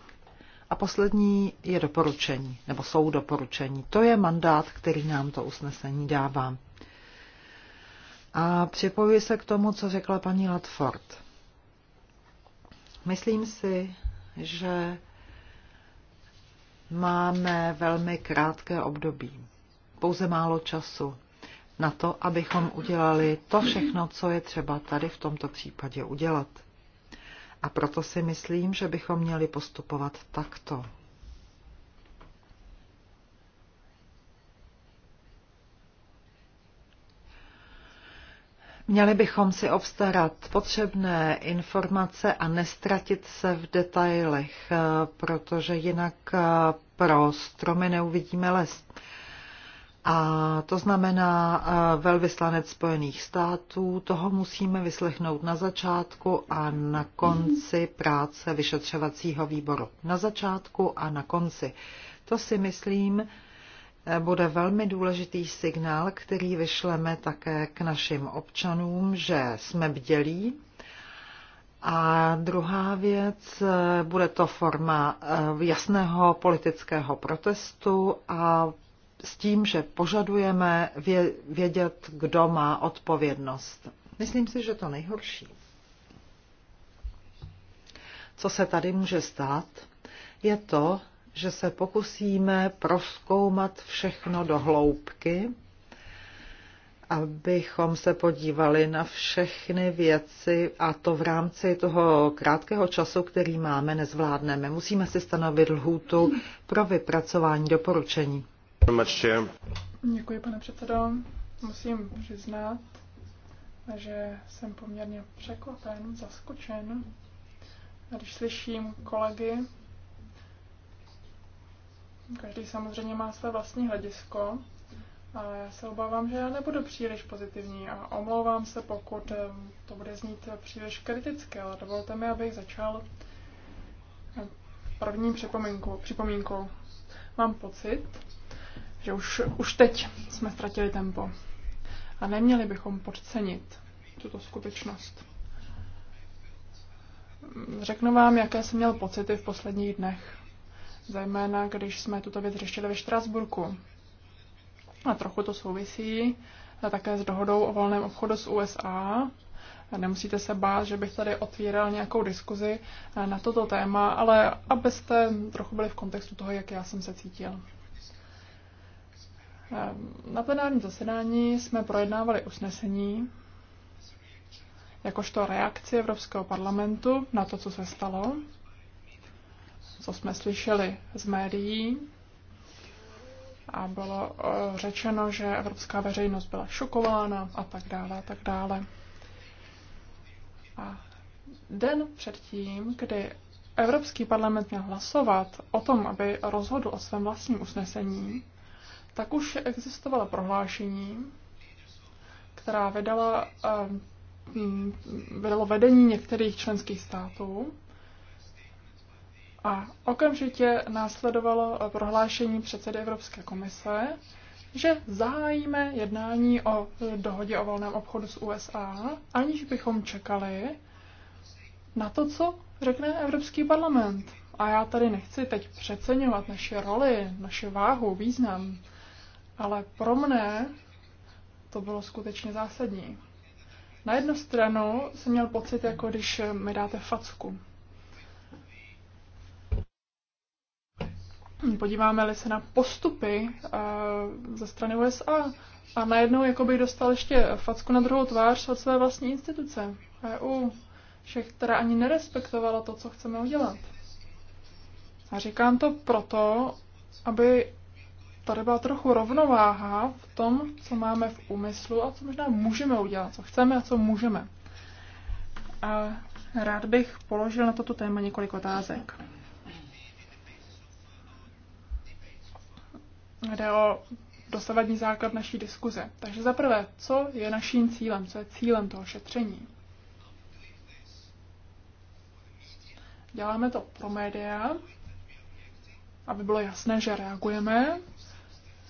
A poslední je doporučení, nebo jsou doporučení. To je mandát, který nám to usnesení dává. A připojuji se k tomu, co řekla paní Latford. Myslím si, že máme velmi krátké období, pouze málo času na to, abychom udělali to všechno, co je třeba tady v tomto případě udělat. A proto si myslím, že bychom měli postupovat takto. Měli bychom si obstarat potřebné informace a nestratit se v detailech, eh, protože jinak eh, pro stromy neuvidíme les. A to znamená eh, velvyslanec Spojených států, toho musíme vyslechnout na začátku a na konci práce vyšetřovacího výboru. Na začátku a na konci. To si myslím, bude velmi důležitý signál, který vyšleme také k našim občanům, že jsme bdělí. A druhá věc, bude to forma eh, jasného politického protestu a s tím, že požadujeme vědět, kdo má odpovědnost. Myslím si, že to nejhorší, co se tady může stát, je to, že se pokusíme proskoumat všechno do hloubky, abychom se podívali na všechny věci a to v rámci toho krátkého času, který máme, nezvládneme. Musíme si stanovit lhůtu pro vypracování doporučení. Děkuji, pane předsedo. Musím přiznat, že jsem poměrně překvapen, zaskočen, když slyším kolegy, Každý samozřejmě má své vlastní hledisko, ale já se obávám, že já nebudu příliš pozitivní a omlouvám se, pokud to bude znít příliš kriticky, ale dovolte mi, abych začal první připomínku. připomínkou. Mám pocit, že už, už teď jsme ztratili tempo a neměli bychom podcenit tuto skutečnost. Řeknu vám, jaké jsem měl pocity v posledních dnech zejména když jsme tuto věc řešili ve Štrasburku. A trochu to souvisí eh, také s dohodou o volném obchodu s USA. Nemusíte se bát, že bych tady otvíral nějakou diskuzi eh, na toto téma, ale abyste trochu byli v kontextu toho, jak já jsem se cítil. Eh, na plenárním zasedání jsme projednávali usnesení jakožto reakci Evropského parlamentu na to, co se stalo co jsme slyšeli z médií. A bylo eh, řečeno, že evropská veřejnost byla šokována a tak dále a tak dále. A den předtím, kdy Evropský parlament měl hlasovat o tom, aby rozhodl o svém vlastním usnesení, tak už existovala prohlášení, která vydala, eh, vydalo vedení některých členských států, a okamžitě následovalo prohlášení předsedy Evropské komise, že zahájíme jednání o dohodě o volném obchodu s USA, aniž bychom čekali na to, co řekne Evropský parlament. A já tady nechci teď přeceňovat naše roli, naše váhu, význam, ale pro mne to bylo skutečně zásadní. Na jednu stranu jsem měl pocit, jako když mi dáte facku. podíváme-li se na postupy eh, ze strany USA a najednou jakoby dostal ještě facku na druhou tvář od své vlastní instituce EU, všech, která ani nerespektovala to, co chceme udělat. A říkám to proto, aby tady byla trochu rovnováha v tom, co máme v úmyslu a co možná můžeme udělat, co chceme a co můžeme. A rád bych položil na toto téma několik otázek. jde o dosavadní základ naší diskuze. Takže za prvé, co je naším cílem, co je cílem toho šetření? Děláme to pro média, aby bylo jasné, že reagujeme,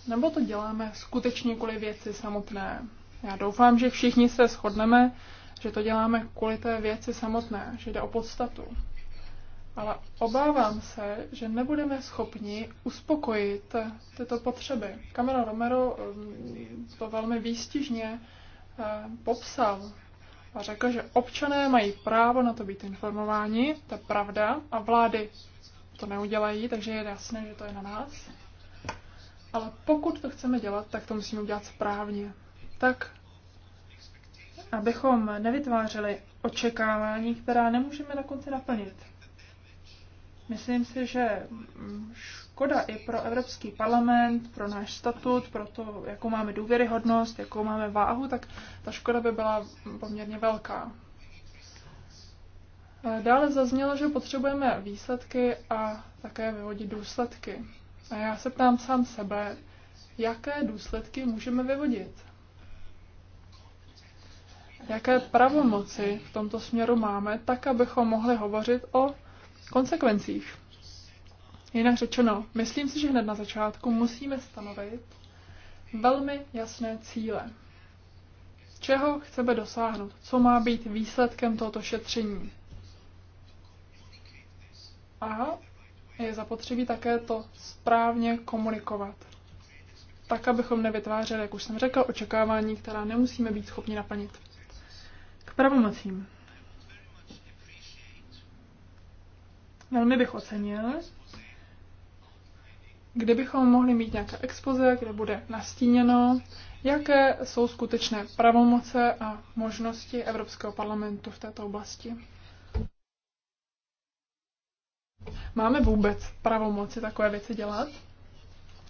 nebo to děláme skutečně kvůli věci samotné. Já doufám, že všichni se shodneme, že to děláme kvůli té věci samotné, že jde o podstatu ale obávám se, že nebudeme schopni uspokojit tyto potřeby. Kamera Romero um, to velmi výstižně uh, popsal a řekl, že občané mají právo na to být informováni, to je pravda, a vlády to neudělají, takže je jasné, že to je na nás. Ale pokud to chceme dělat, tak to musíme udělat správně. Tak, abychom nevytvářeli očekávání, která nemůžeme na konci naplnit. Myslím si, že mm, škoda i pro Evropský parlament, pro náš statut, pro to, jakou máme důvěryhodnost, jakou máme váhu, tak ta škoda by byla poměrně velká. Dále zaznělo, že potřebujeme výsledky a také vyvodit důsledky. A já se ptám sám sebe, jaké důsledky můžeme vyvodit? Jaké pravomoci v tomto směru máme, tak abychom mohli hovořit o konsekvencích. Jinak řečeno, myslím si, že hned na začátku musíme stanovit velmi jasné cíle. Čeho chceme dosáhnout? Co má být výsledkem tohoto šetření? A je zapotřebí také to správně komunikovat. Tak, abychom nevytvářeli, jak už jsem řekl, očekávání, která nemusíme být schopni naplnit. K pravomocím. Velmi bych ocenil, kdybychom mohli mít nějaké expoze, kde bude nastíněno, jaké jsou skutečné pravomoce a možnosti Evropského parlamentu v této oblasti. Máme vůbec pravomoci takové věci dělat?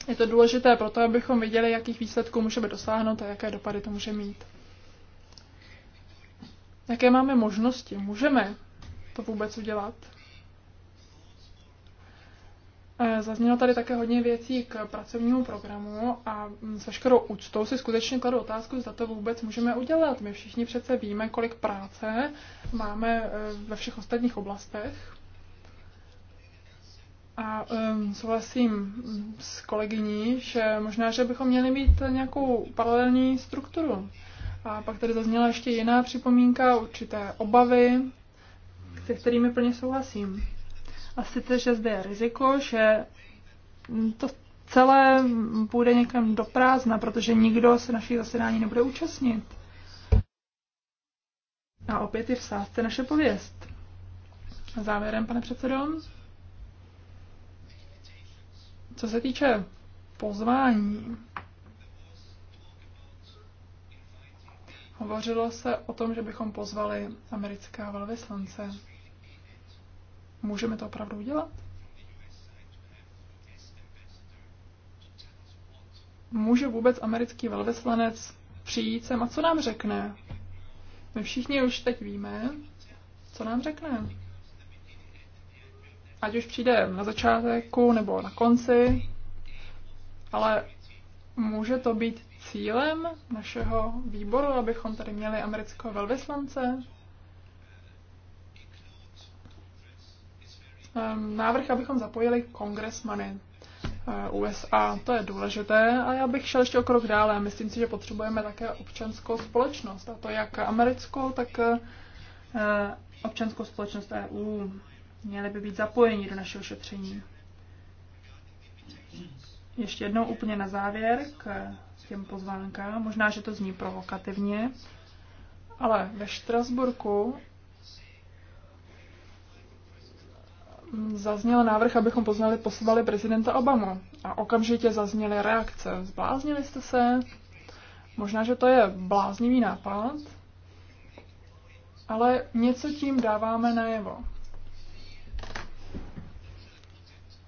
Je to důležité proto, abychom viděli, jakých výsledků můžeme dosáhnout a jaké dopady to může mít. Jaké máme možnosti? Můžeme to vůbec udělat? Eh, zaznělo tady také hodně věcí k pracovnímu programu a mm, s veškerou úctou si skutečně kladu otázku, zda to vůbec můžeme udělat. My všichni přece víme, kolik práce máme eh, ve všech ostatních oblastech. A um, souhlasím mm, s kolegyní, že možná, že bychom měli mít nějakou paralelní strukturu. A pak tady zazněla ještě jiná připomínka, určité obavy, se kterými plně souhlasím. A sice, že zde je riziko, že to celé půjde někam do prázdna, protože nikdo se našich zasedání nebude účastnit. A opět je v sázce naše pověst. A závěrem, pane předsedo, co se týče pozvání, hovořilo se o tom, že bychom pozvali americká velvyslance. Můžeme to opravdu udělat? Může vůbec americký velvyslanec přijít sem a co nám řekne? My všichni už teď víme, co nám řekne. Ať už přijde na začátku nebo na konci, ale může to být cílem našeho výboru, abychom tady měli amerického velvyslance? návrh, abychom zapojili kongresmany eh, USA. To je důležité a já bych šel ještě o krok dále. Myslím si, že potřebujeme také občanskou společnost, a to jak americkou, tak eh, občanskou společnost EU. Měly by být zapojeni do našeho šetření. Ještě jednou úplně na závěr k těm pozvánkám. Možná, že to zní provokativně, ale ve Štrasburku zazněl návrh, abychom poznali, poslali prezidenta Obama. A okamžitě zazněly reakce. Zbláznili jste se? Možná, že to je bláznivý nápad, ale něco tím dáváme najevo.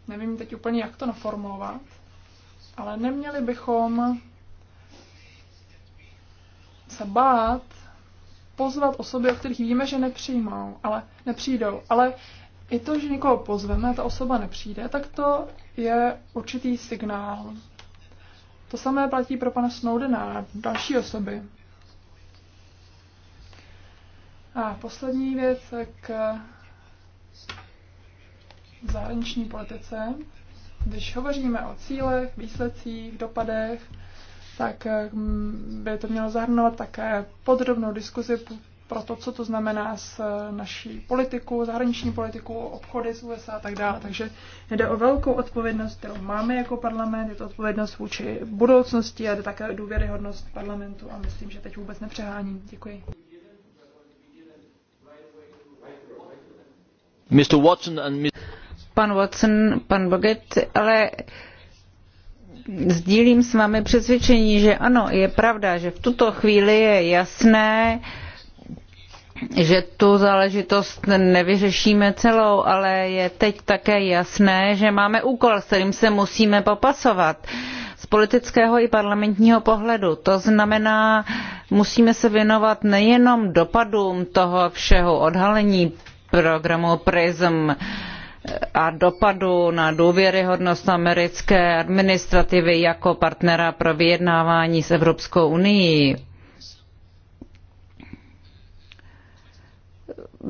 Nevím teď úplně, jak to naformulovat, ale neměli bychom se bát pozvat osoby, o kterých víme, že nepřijmou, ale nepřijdou, ale i to, že někoho pozveme, ta osoba nepřijde, tak to je určitý signál. To samé platí pro pana Snowdena a další osoby. A poslední věc k zahraniční politice. Když hovoříme o cílech, výsledcích, dopadech, tak mm, by to mělo zahrnovat také podrobnou diskuzi pro to, co to znamená s eh, naší politikou, zahraniční politikou, obchody s USA a tak dále. Takže jde o velkou odpovědnost, kterou máme jako parlament, je to odpovědnost vůči budoucnosti a jde také o důvěryhodnost parlamentu a myslím, že teď vůbec nepřehání. Děkuji. Mr. Watson and Mr. Pan Watson, pan Boget, ale sdílím s vámi přesvědčení, že ano, je pravda, že v tuto chvíli je jasné, že tu záležitost nevyřešíme celou, ale je teď také jasné, že máme úkol, s kterým se musíme popasovat z politického i parlamentního pohledu. To znamená, musíme se věnovat nejenom dopadům toho všeho odhalení programu PRISM, a dopadu na důvěryhodnost americké administrativy jako partnera pro vyjednávání s Evropskou unií.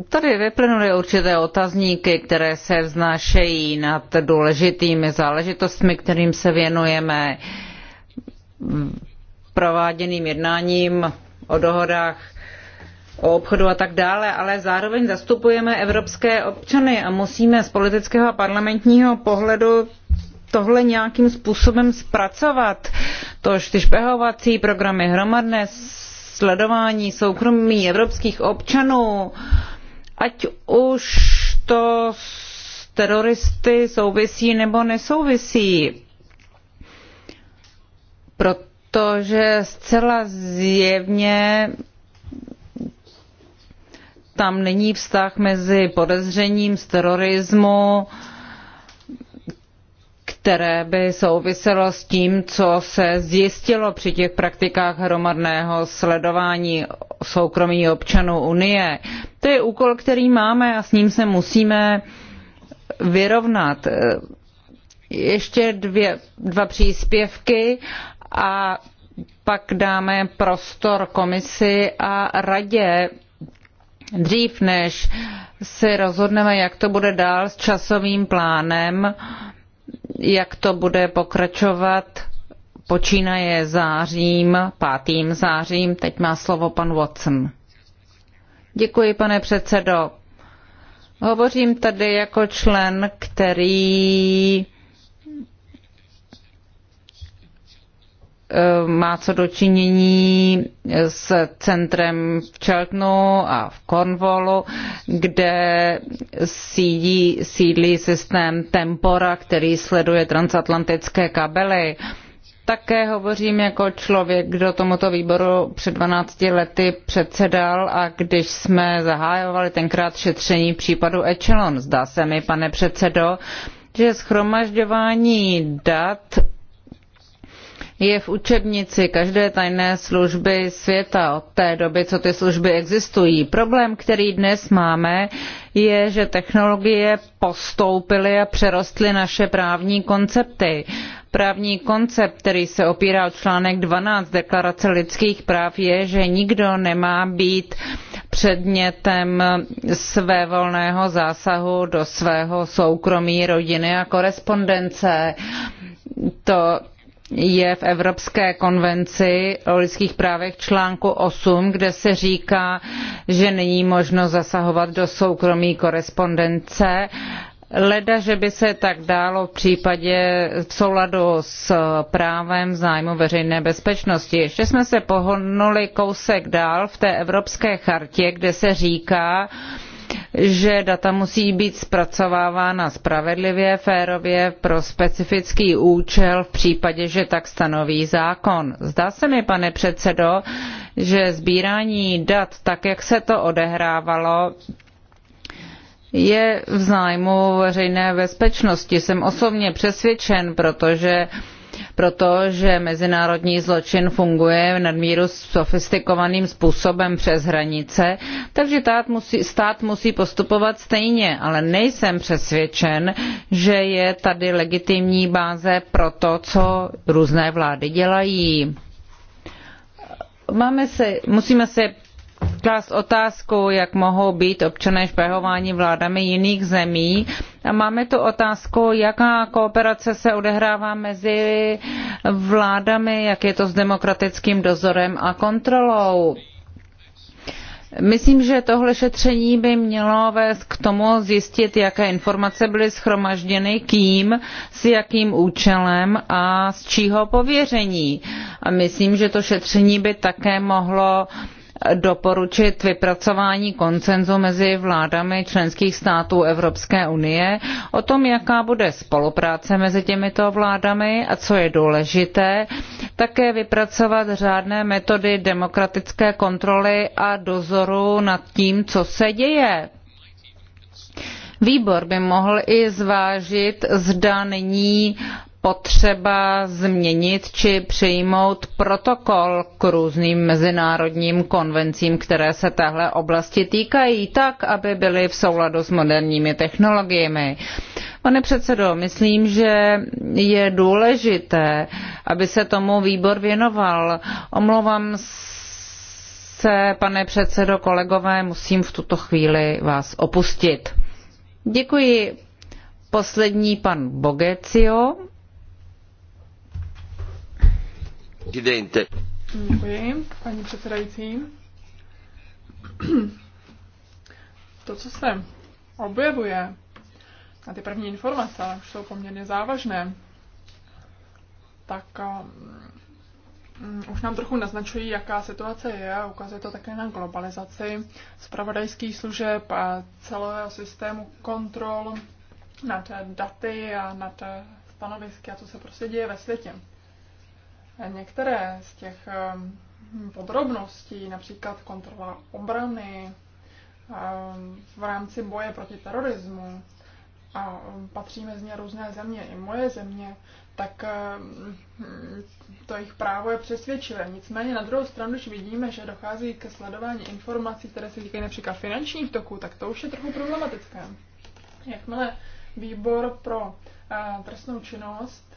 Tady vyplynuly určité otazníky, které se vznášejí nad důležitými záležitostmi, kterým se věnujeme prováděným jednáním o dohodách o obchodu a tak dále, ale zároveň zastupujeme evropské občany a musíme z politického a parlamentního pohledu tohle nějakým způsobem zpracovat. Tož ty špehovací programy hromadné sledování soukromí evropských občanů, ať už to s teroristy souvisí nebo nesouvisí. Protože zcela zjevně tam není vztah mezi podezřením z terorismu, které by souviselo s tím, co se zjistilo při těch praktikách hromadného sledování soukromí občanů Unie. To je úkol, který máme a s ním se musíme vyrovnat. Ještě dvě, dva příspěvky a pak dáme prostor komisi a radě dřív než si rozhodneme, jak to bude dál s časovým plánem, jak to bude pokračovat počínaje zářím, pátým zářím. Teď má slovo pan Watson. Děkuji, pane předsedo. Hovořím tady jako člen, který eh, má co dočinění s centrem v Cheltnu a v Cornwallu, kde sídí, sídlí systém Tempora, který sleduje transatlantické kabely. Také hovořím jako člověk, kdo tomuto výboru před 12 lety předsedal a když jsme zahájovali tenkrát šetření případu Echelon, zdá se mi, pane předsedo, že schromažďování dat je v učebnici každé tajné služby světa od té doby, co ty služby existují. Problém, který dnes máme, je, že technologie postoupily a přerostly naše právní koncepty. Právní koncept, který se opírá o článek 12 Deklarace lidských práv, je, že nikdo nemá být předmětem svévolného zásahu do svého soukromí, rodiny a korespondence. To je v Evropské konvenci o lidských právech článku 8, kde se říká, že není možno zasahovat do soukromí korespondence, leda, že by se tak dálo v případě v souladu s právem zájmu veřejné bezpečnosti. Ještě jsme se pohnuli kousek dál v té Evropské chartě, kde se říká, že data musí být zpracovávána spravedlivě, férově pro specifický účel v případě, že tak stanoví zákon. Zdá se mi, pane předsedo, že sbírání dat, tak jak se to odehrávalo, je v zájmu veřejné bezpečnosti. Jsem osobně přesvědčen, protože protože mezinárodní zločin funguje nadmíru sofistikovaným způsobem přes hranice, takže stát musí, stát musí postupovat stejně, ale nejsem přesvědčen, že je tady legitimní báze pro to, co různé vlády dělají. Máme se, musíme se klást otázku, jak mohou být občané špehováni vládami jiných zemí. A máme tu otázku, jaká kooperace se odehrává mezi vládami, jak je to s demokratickým dozorem a kontrolou. Myslím, že tohle šetření by mělo vést k tomu zjistit, jaké informace byly schromažděny, kým, s jakým účelem a z čího pověření. A myslím, že to šetření by také mohlo uh, doporučit vypracování koncenzu mezi vládami členských států Evropské unie o tom, jaká bude spolupráce mezi těmito vládami a co je důležité, také vypracovat řádné metody demokratické kontroly a dozoru nad tím, co se děje. Výbor by mohl i zvážit, zda není potřeba změnit či přijmout protokol k různým mezinárodním konvencím, které se téhle oblasti týkají, tak, aby byly v souladu s moderními technologiemi. Pane předsedo, myslím, že je důležité, aby se tomu výbor věnoval. Omlouvám se, pane předsedo, kolegové, musím v tuto chvíli vás opustit. Děkuji. Poslední pan Bogecio. Děkuji, paní předsedající. To, co se objevuje, a ty první informace už jsou poměrně závažné, tak mm, už nám trochu naznačují, jaká situace je a ukazuje to také na globalizaci zpravodajských služeb a celého systému kontrol nad daty a nad stanovisky a co se prostě děje ve světě. Některé z těch ehm, podrobností, například kontrola obrany ehm, v rámci boje proti terorismu, a ehm, patří mezi ně různé země, i moje země, tak to jejich právo je přesvědčivé. Nicméně na druhou stranu, když vidíme, že dochází ke sledování informací, které se týkají například finančních toků, tak to už je trochu problematické. Jakmile výbor pro eh, trestnou činnost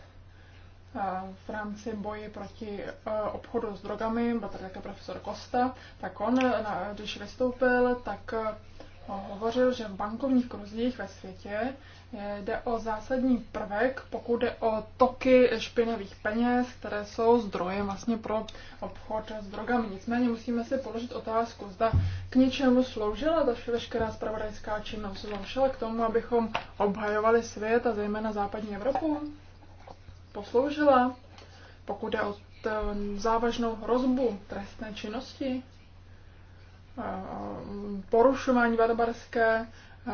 v rámci boji proti e, obchodu s drogami, byl tady také profesor Kosta, tak on, e, když vystoupil, tak e, hovořil, že v bankovních kruzích ve světě jde o zásadní prvek, pokud jde o toky špinavých peněz, které jsou zdrojem vlastně pro obchod s drogami. Nicméně musíme si položit otázku, zda k něčemu sloužila ta veškerá spravodajská činnost, sloužila k tomu, abychom obhajovali svět a zejména západní Evropu posloužila, pokud je o závažnou hrozbu trestné činnosti, eh, porušování barbarské eh,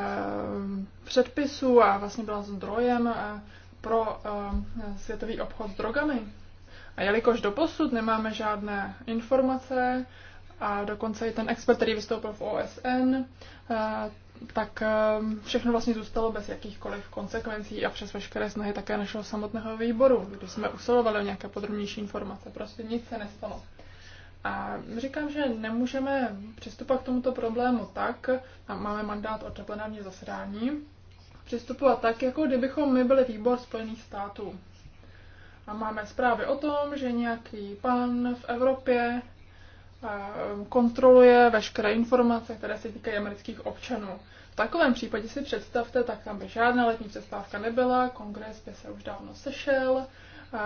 předpisů a vlastně byla zdrojem eh, pro světový obchod s drogami. A jelikož do posud nemáme žádné informace, a dokonce i ten expert, který vystoupil v OSN, tak ehm, všechno vlastně zůstalo bez jakýchkoliv konsekvencí a přes veškeré snahy také našeho samotného výboru, když jsme usilovali o nějaké podrobnější informace. Prostě nic se nestalo. A říkám, že nemůžeme přistupovat k tomuto problému tak, máme mandát od plenárního zasedání, přistupovat tak, jako kdybychom my byli výbor Spojených států. A máme zprávy o tom, že nějaký pan v Evropě Eh, kontroluje veškeré informace, které se týkají amerických občanů. V takovém případě si představte, tak tam by žádná letní přestávka nebyla, kongres by se už dávno sešel, eh,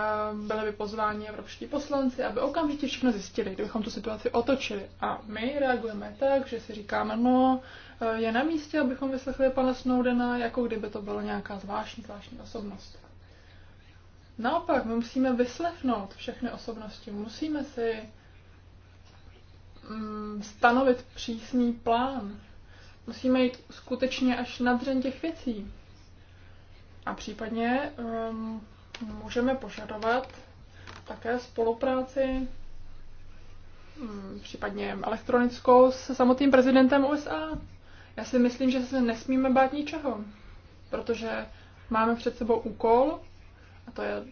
byly by pozváni evropští poslanci, aby okamžitě všechno zjistili, kdybychom tu situaci otočili. A my reagujeme tak, že si říkáme, no, eh, je na místě, abychom vyslechli pana Snowdena, jako kdyby to byla nějaká zvláštní, zvláštní osobnost. Naopak, my musíme vyslechnout všechny osobnosti, musíme si Mm, stanovit přísný plán. Musíme jít skutečně až na dřen těch věcí. A případně um, můžeme požadovat také spolupráci, um, případně elektronickou se samotným prezidentem USA. Já si myslím, že se nesmíme bát ničeho, protože máme před sebou úkol a to je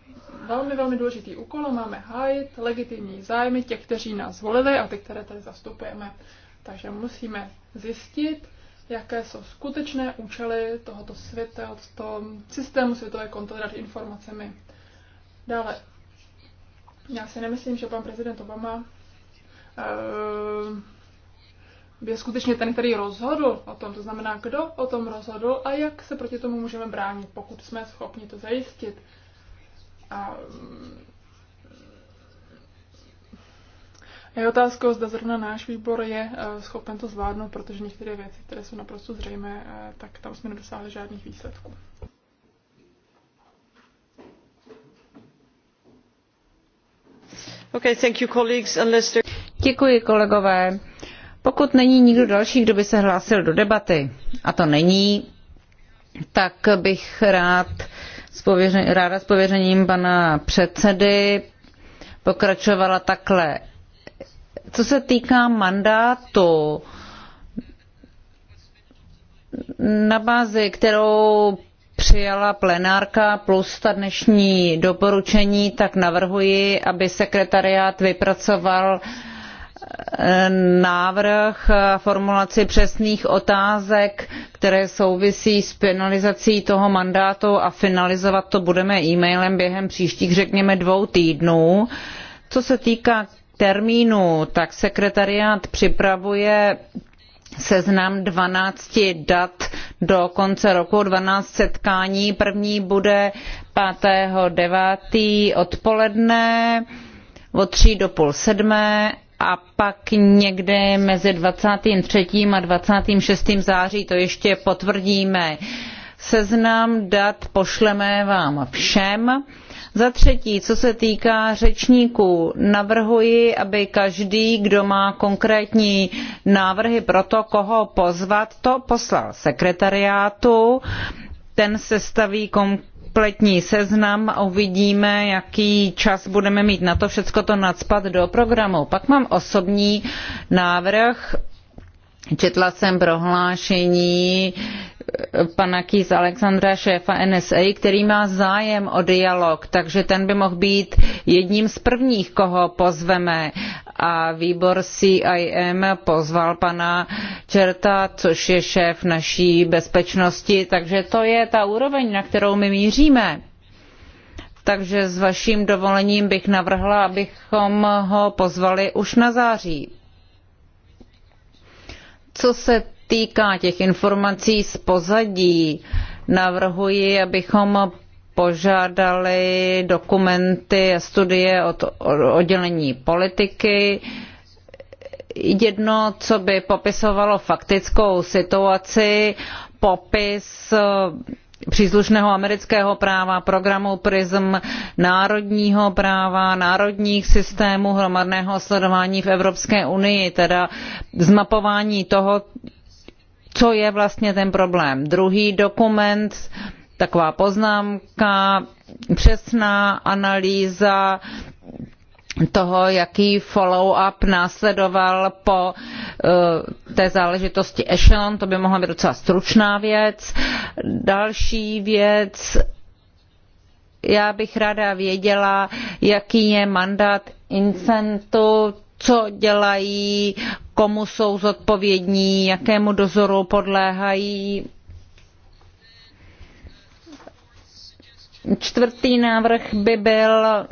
velmi, velmi důležitý úkol máme hájit legitimní zájmy těch, kteří nás volili a ty, které tady zastupujeme. Takže musíme zjistit, jaké jsou skutečné účely tohoto světa, toho systému světové kontroly nad informacemi. Dále, já si nemyslím, že pan prezident Obama eh, je skutečně ten, který rozhodl o tom. To znamená, kdo o tom rozhodl a jak se proti tomu můžeme bránit, pokud jsme schopni to zajistit. A mm, je otázka, zda zrovna náš výbor je eh, schopen to zvládnout, protože některé věci, které jsou naprosto zřejmé, eh, tak tam jsme nedosáhli žádných výsledků. Okay, thank you, colleagues. Unless there... Děkuji, kolegové. Pokud není nikdo další, kdo by se hlásil do debaty, a to není, tak bych rád uh, s ráda s pověřením pana předsedy pokračovala takhle. Co se týká mandátu, na bázi, kterou přijala plenárka plus ta dnešní doporučení, tak navrhuji, aby sekretariát vypracoval uh, návrh formulaci přesných otázek, které souvisí s finalizací toho mandátu a finalizovat to budeme e-mailem během příštích, řekněme, dvou týdnů. Co se týká termínu, tak sekretariát připravuje seznam 12 dat do konce roku, 12 setkání. První bude 5.9. odpoledne od 3 do půl sedmé a pak někde mezi 23. a 26. září to ještě potvrdíme. Seznam dat pošleme vám všem. Za třetí, co se týká řečníků, navrhuji, aby každý, kdo má konkrétní návrhy pro to, koho pozvat, to poslal sekretariátu. Ten sestaví kom- kompletní seznam a uvidíme, jaký čas budeme mít na to všechno to nadspat do programu. Pak mám osobní návrh. Četla jsem prohlášení eh, pana Kýz Alexandra, šéfa NSA, který má zájem o dialog, takže ten by mohl být jedním z prvních, koho pozveme a výbor CIM pozval pana Čerta, což je šéf naší bezpečnosti, takže to je ta úroveň, na kterou my míříme. Takže s vaším dovolením bych navrhla, abychom ho pozvali už na září. Co se týká těch informací z pozadí, navrhuji, abychom požádali dokumenty a studie od oddělení politiky. Jedno, co by popisovalo faktickou situaci, popis eh, příslušného amerického práva, programu PRISM, národního práva, národních systémů hromadného sledování v Evropské unii, teda zmapování toho, co je vlastně ten problém. Druhý dokument, taková poznámka, přesná analýza toho, jaký follow-up následoval po uh, té záležitosti Echelon, to by mohla být docela stručná věc. Další věc, já bych ráda věděla, jaký je mandát Incentu, co dělají, komu jsou zodpovědní, jakému dozoru podléhají, Čtvrtý návrh by byl,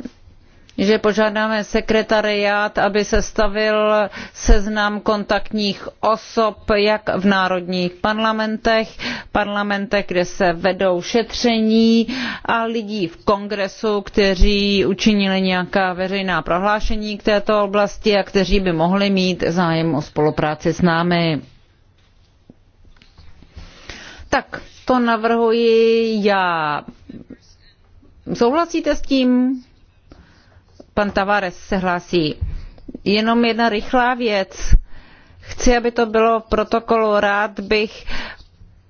že požádáme sekretariát, aby sestavil seznam kontaktních osob jak v národních parlamentech, parlamentech, kde se vedou šetření a lidí v kongresu, kteří učinili nějaká veřejná prohlášení k této oblasti a kteří by mohli mít zájem o spolupráci s námi. Tak, to navrhuji já. Souhlasíte s tím? Pan Tavares se hlásí. Jenom jedna rychlá věc. Chci, aby to bylo v protokolu. Rád bych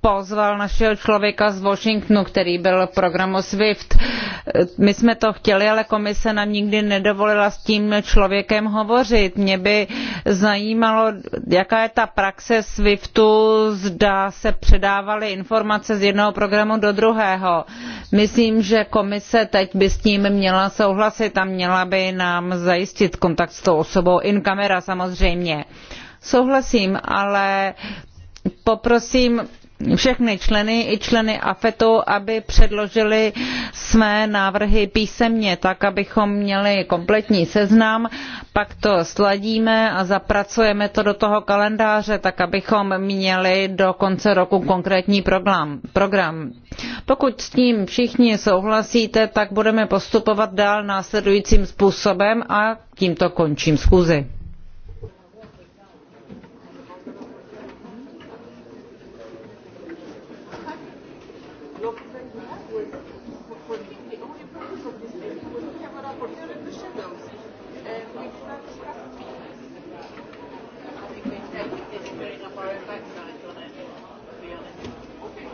pozval našeho člověka z Washingtonu, který byl v programu SWIFT. My jsme to chtěli, ale komise nám nikdy nedovolila s tím člověkem hovořit. Mě by zajímalo, jaká je ta praxe SWIFTu, zda se předávaly informace z jednoho programu do druhého. Myslím, že komise teď by s tím měla souhlasit a měla by nám zajistit kontakt s tou osobou in camera samozřejmě. Souhlasím, ale poprosím všechny členy i členy afet aby předložili své návrhy písemně tak abychom měli kompletní seznam pak to sladíme a zapracujeme to do toho kalendáře tak abychom měli do konce roku konkrétní program. program. pokud s tím všichni souhlasíte tak budeme postupovat dál následujícím způsobem a tímto končím schůzi.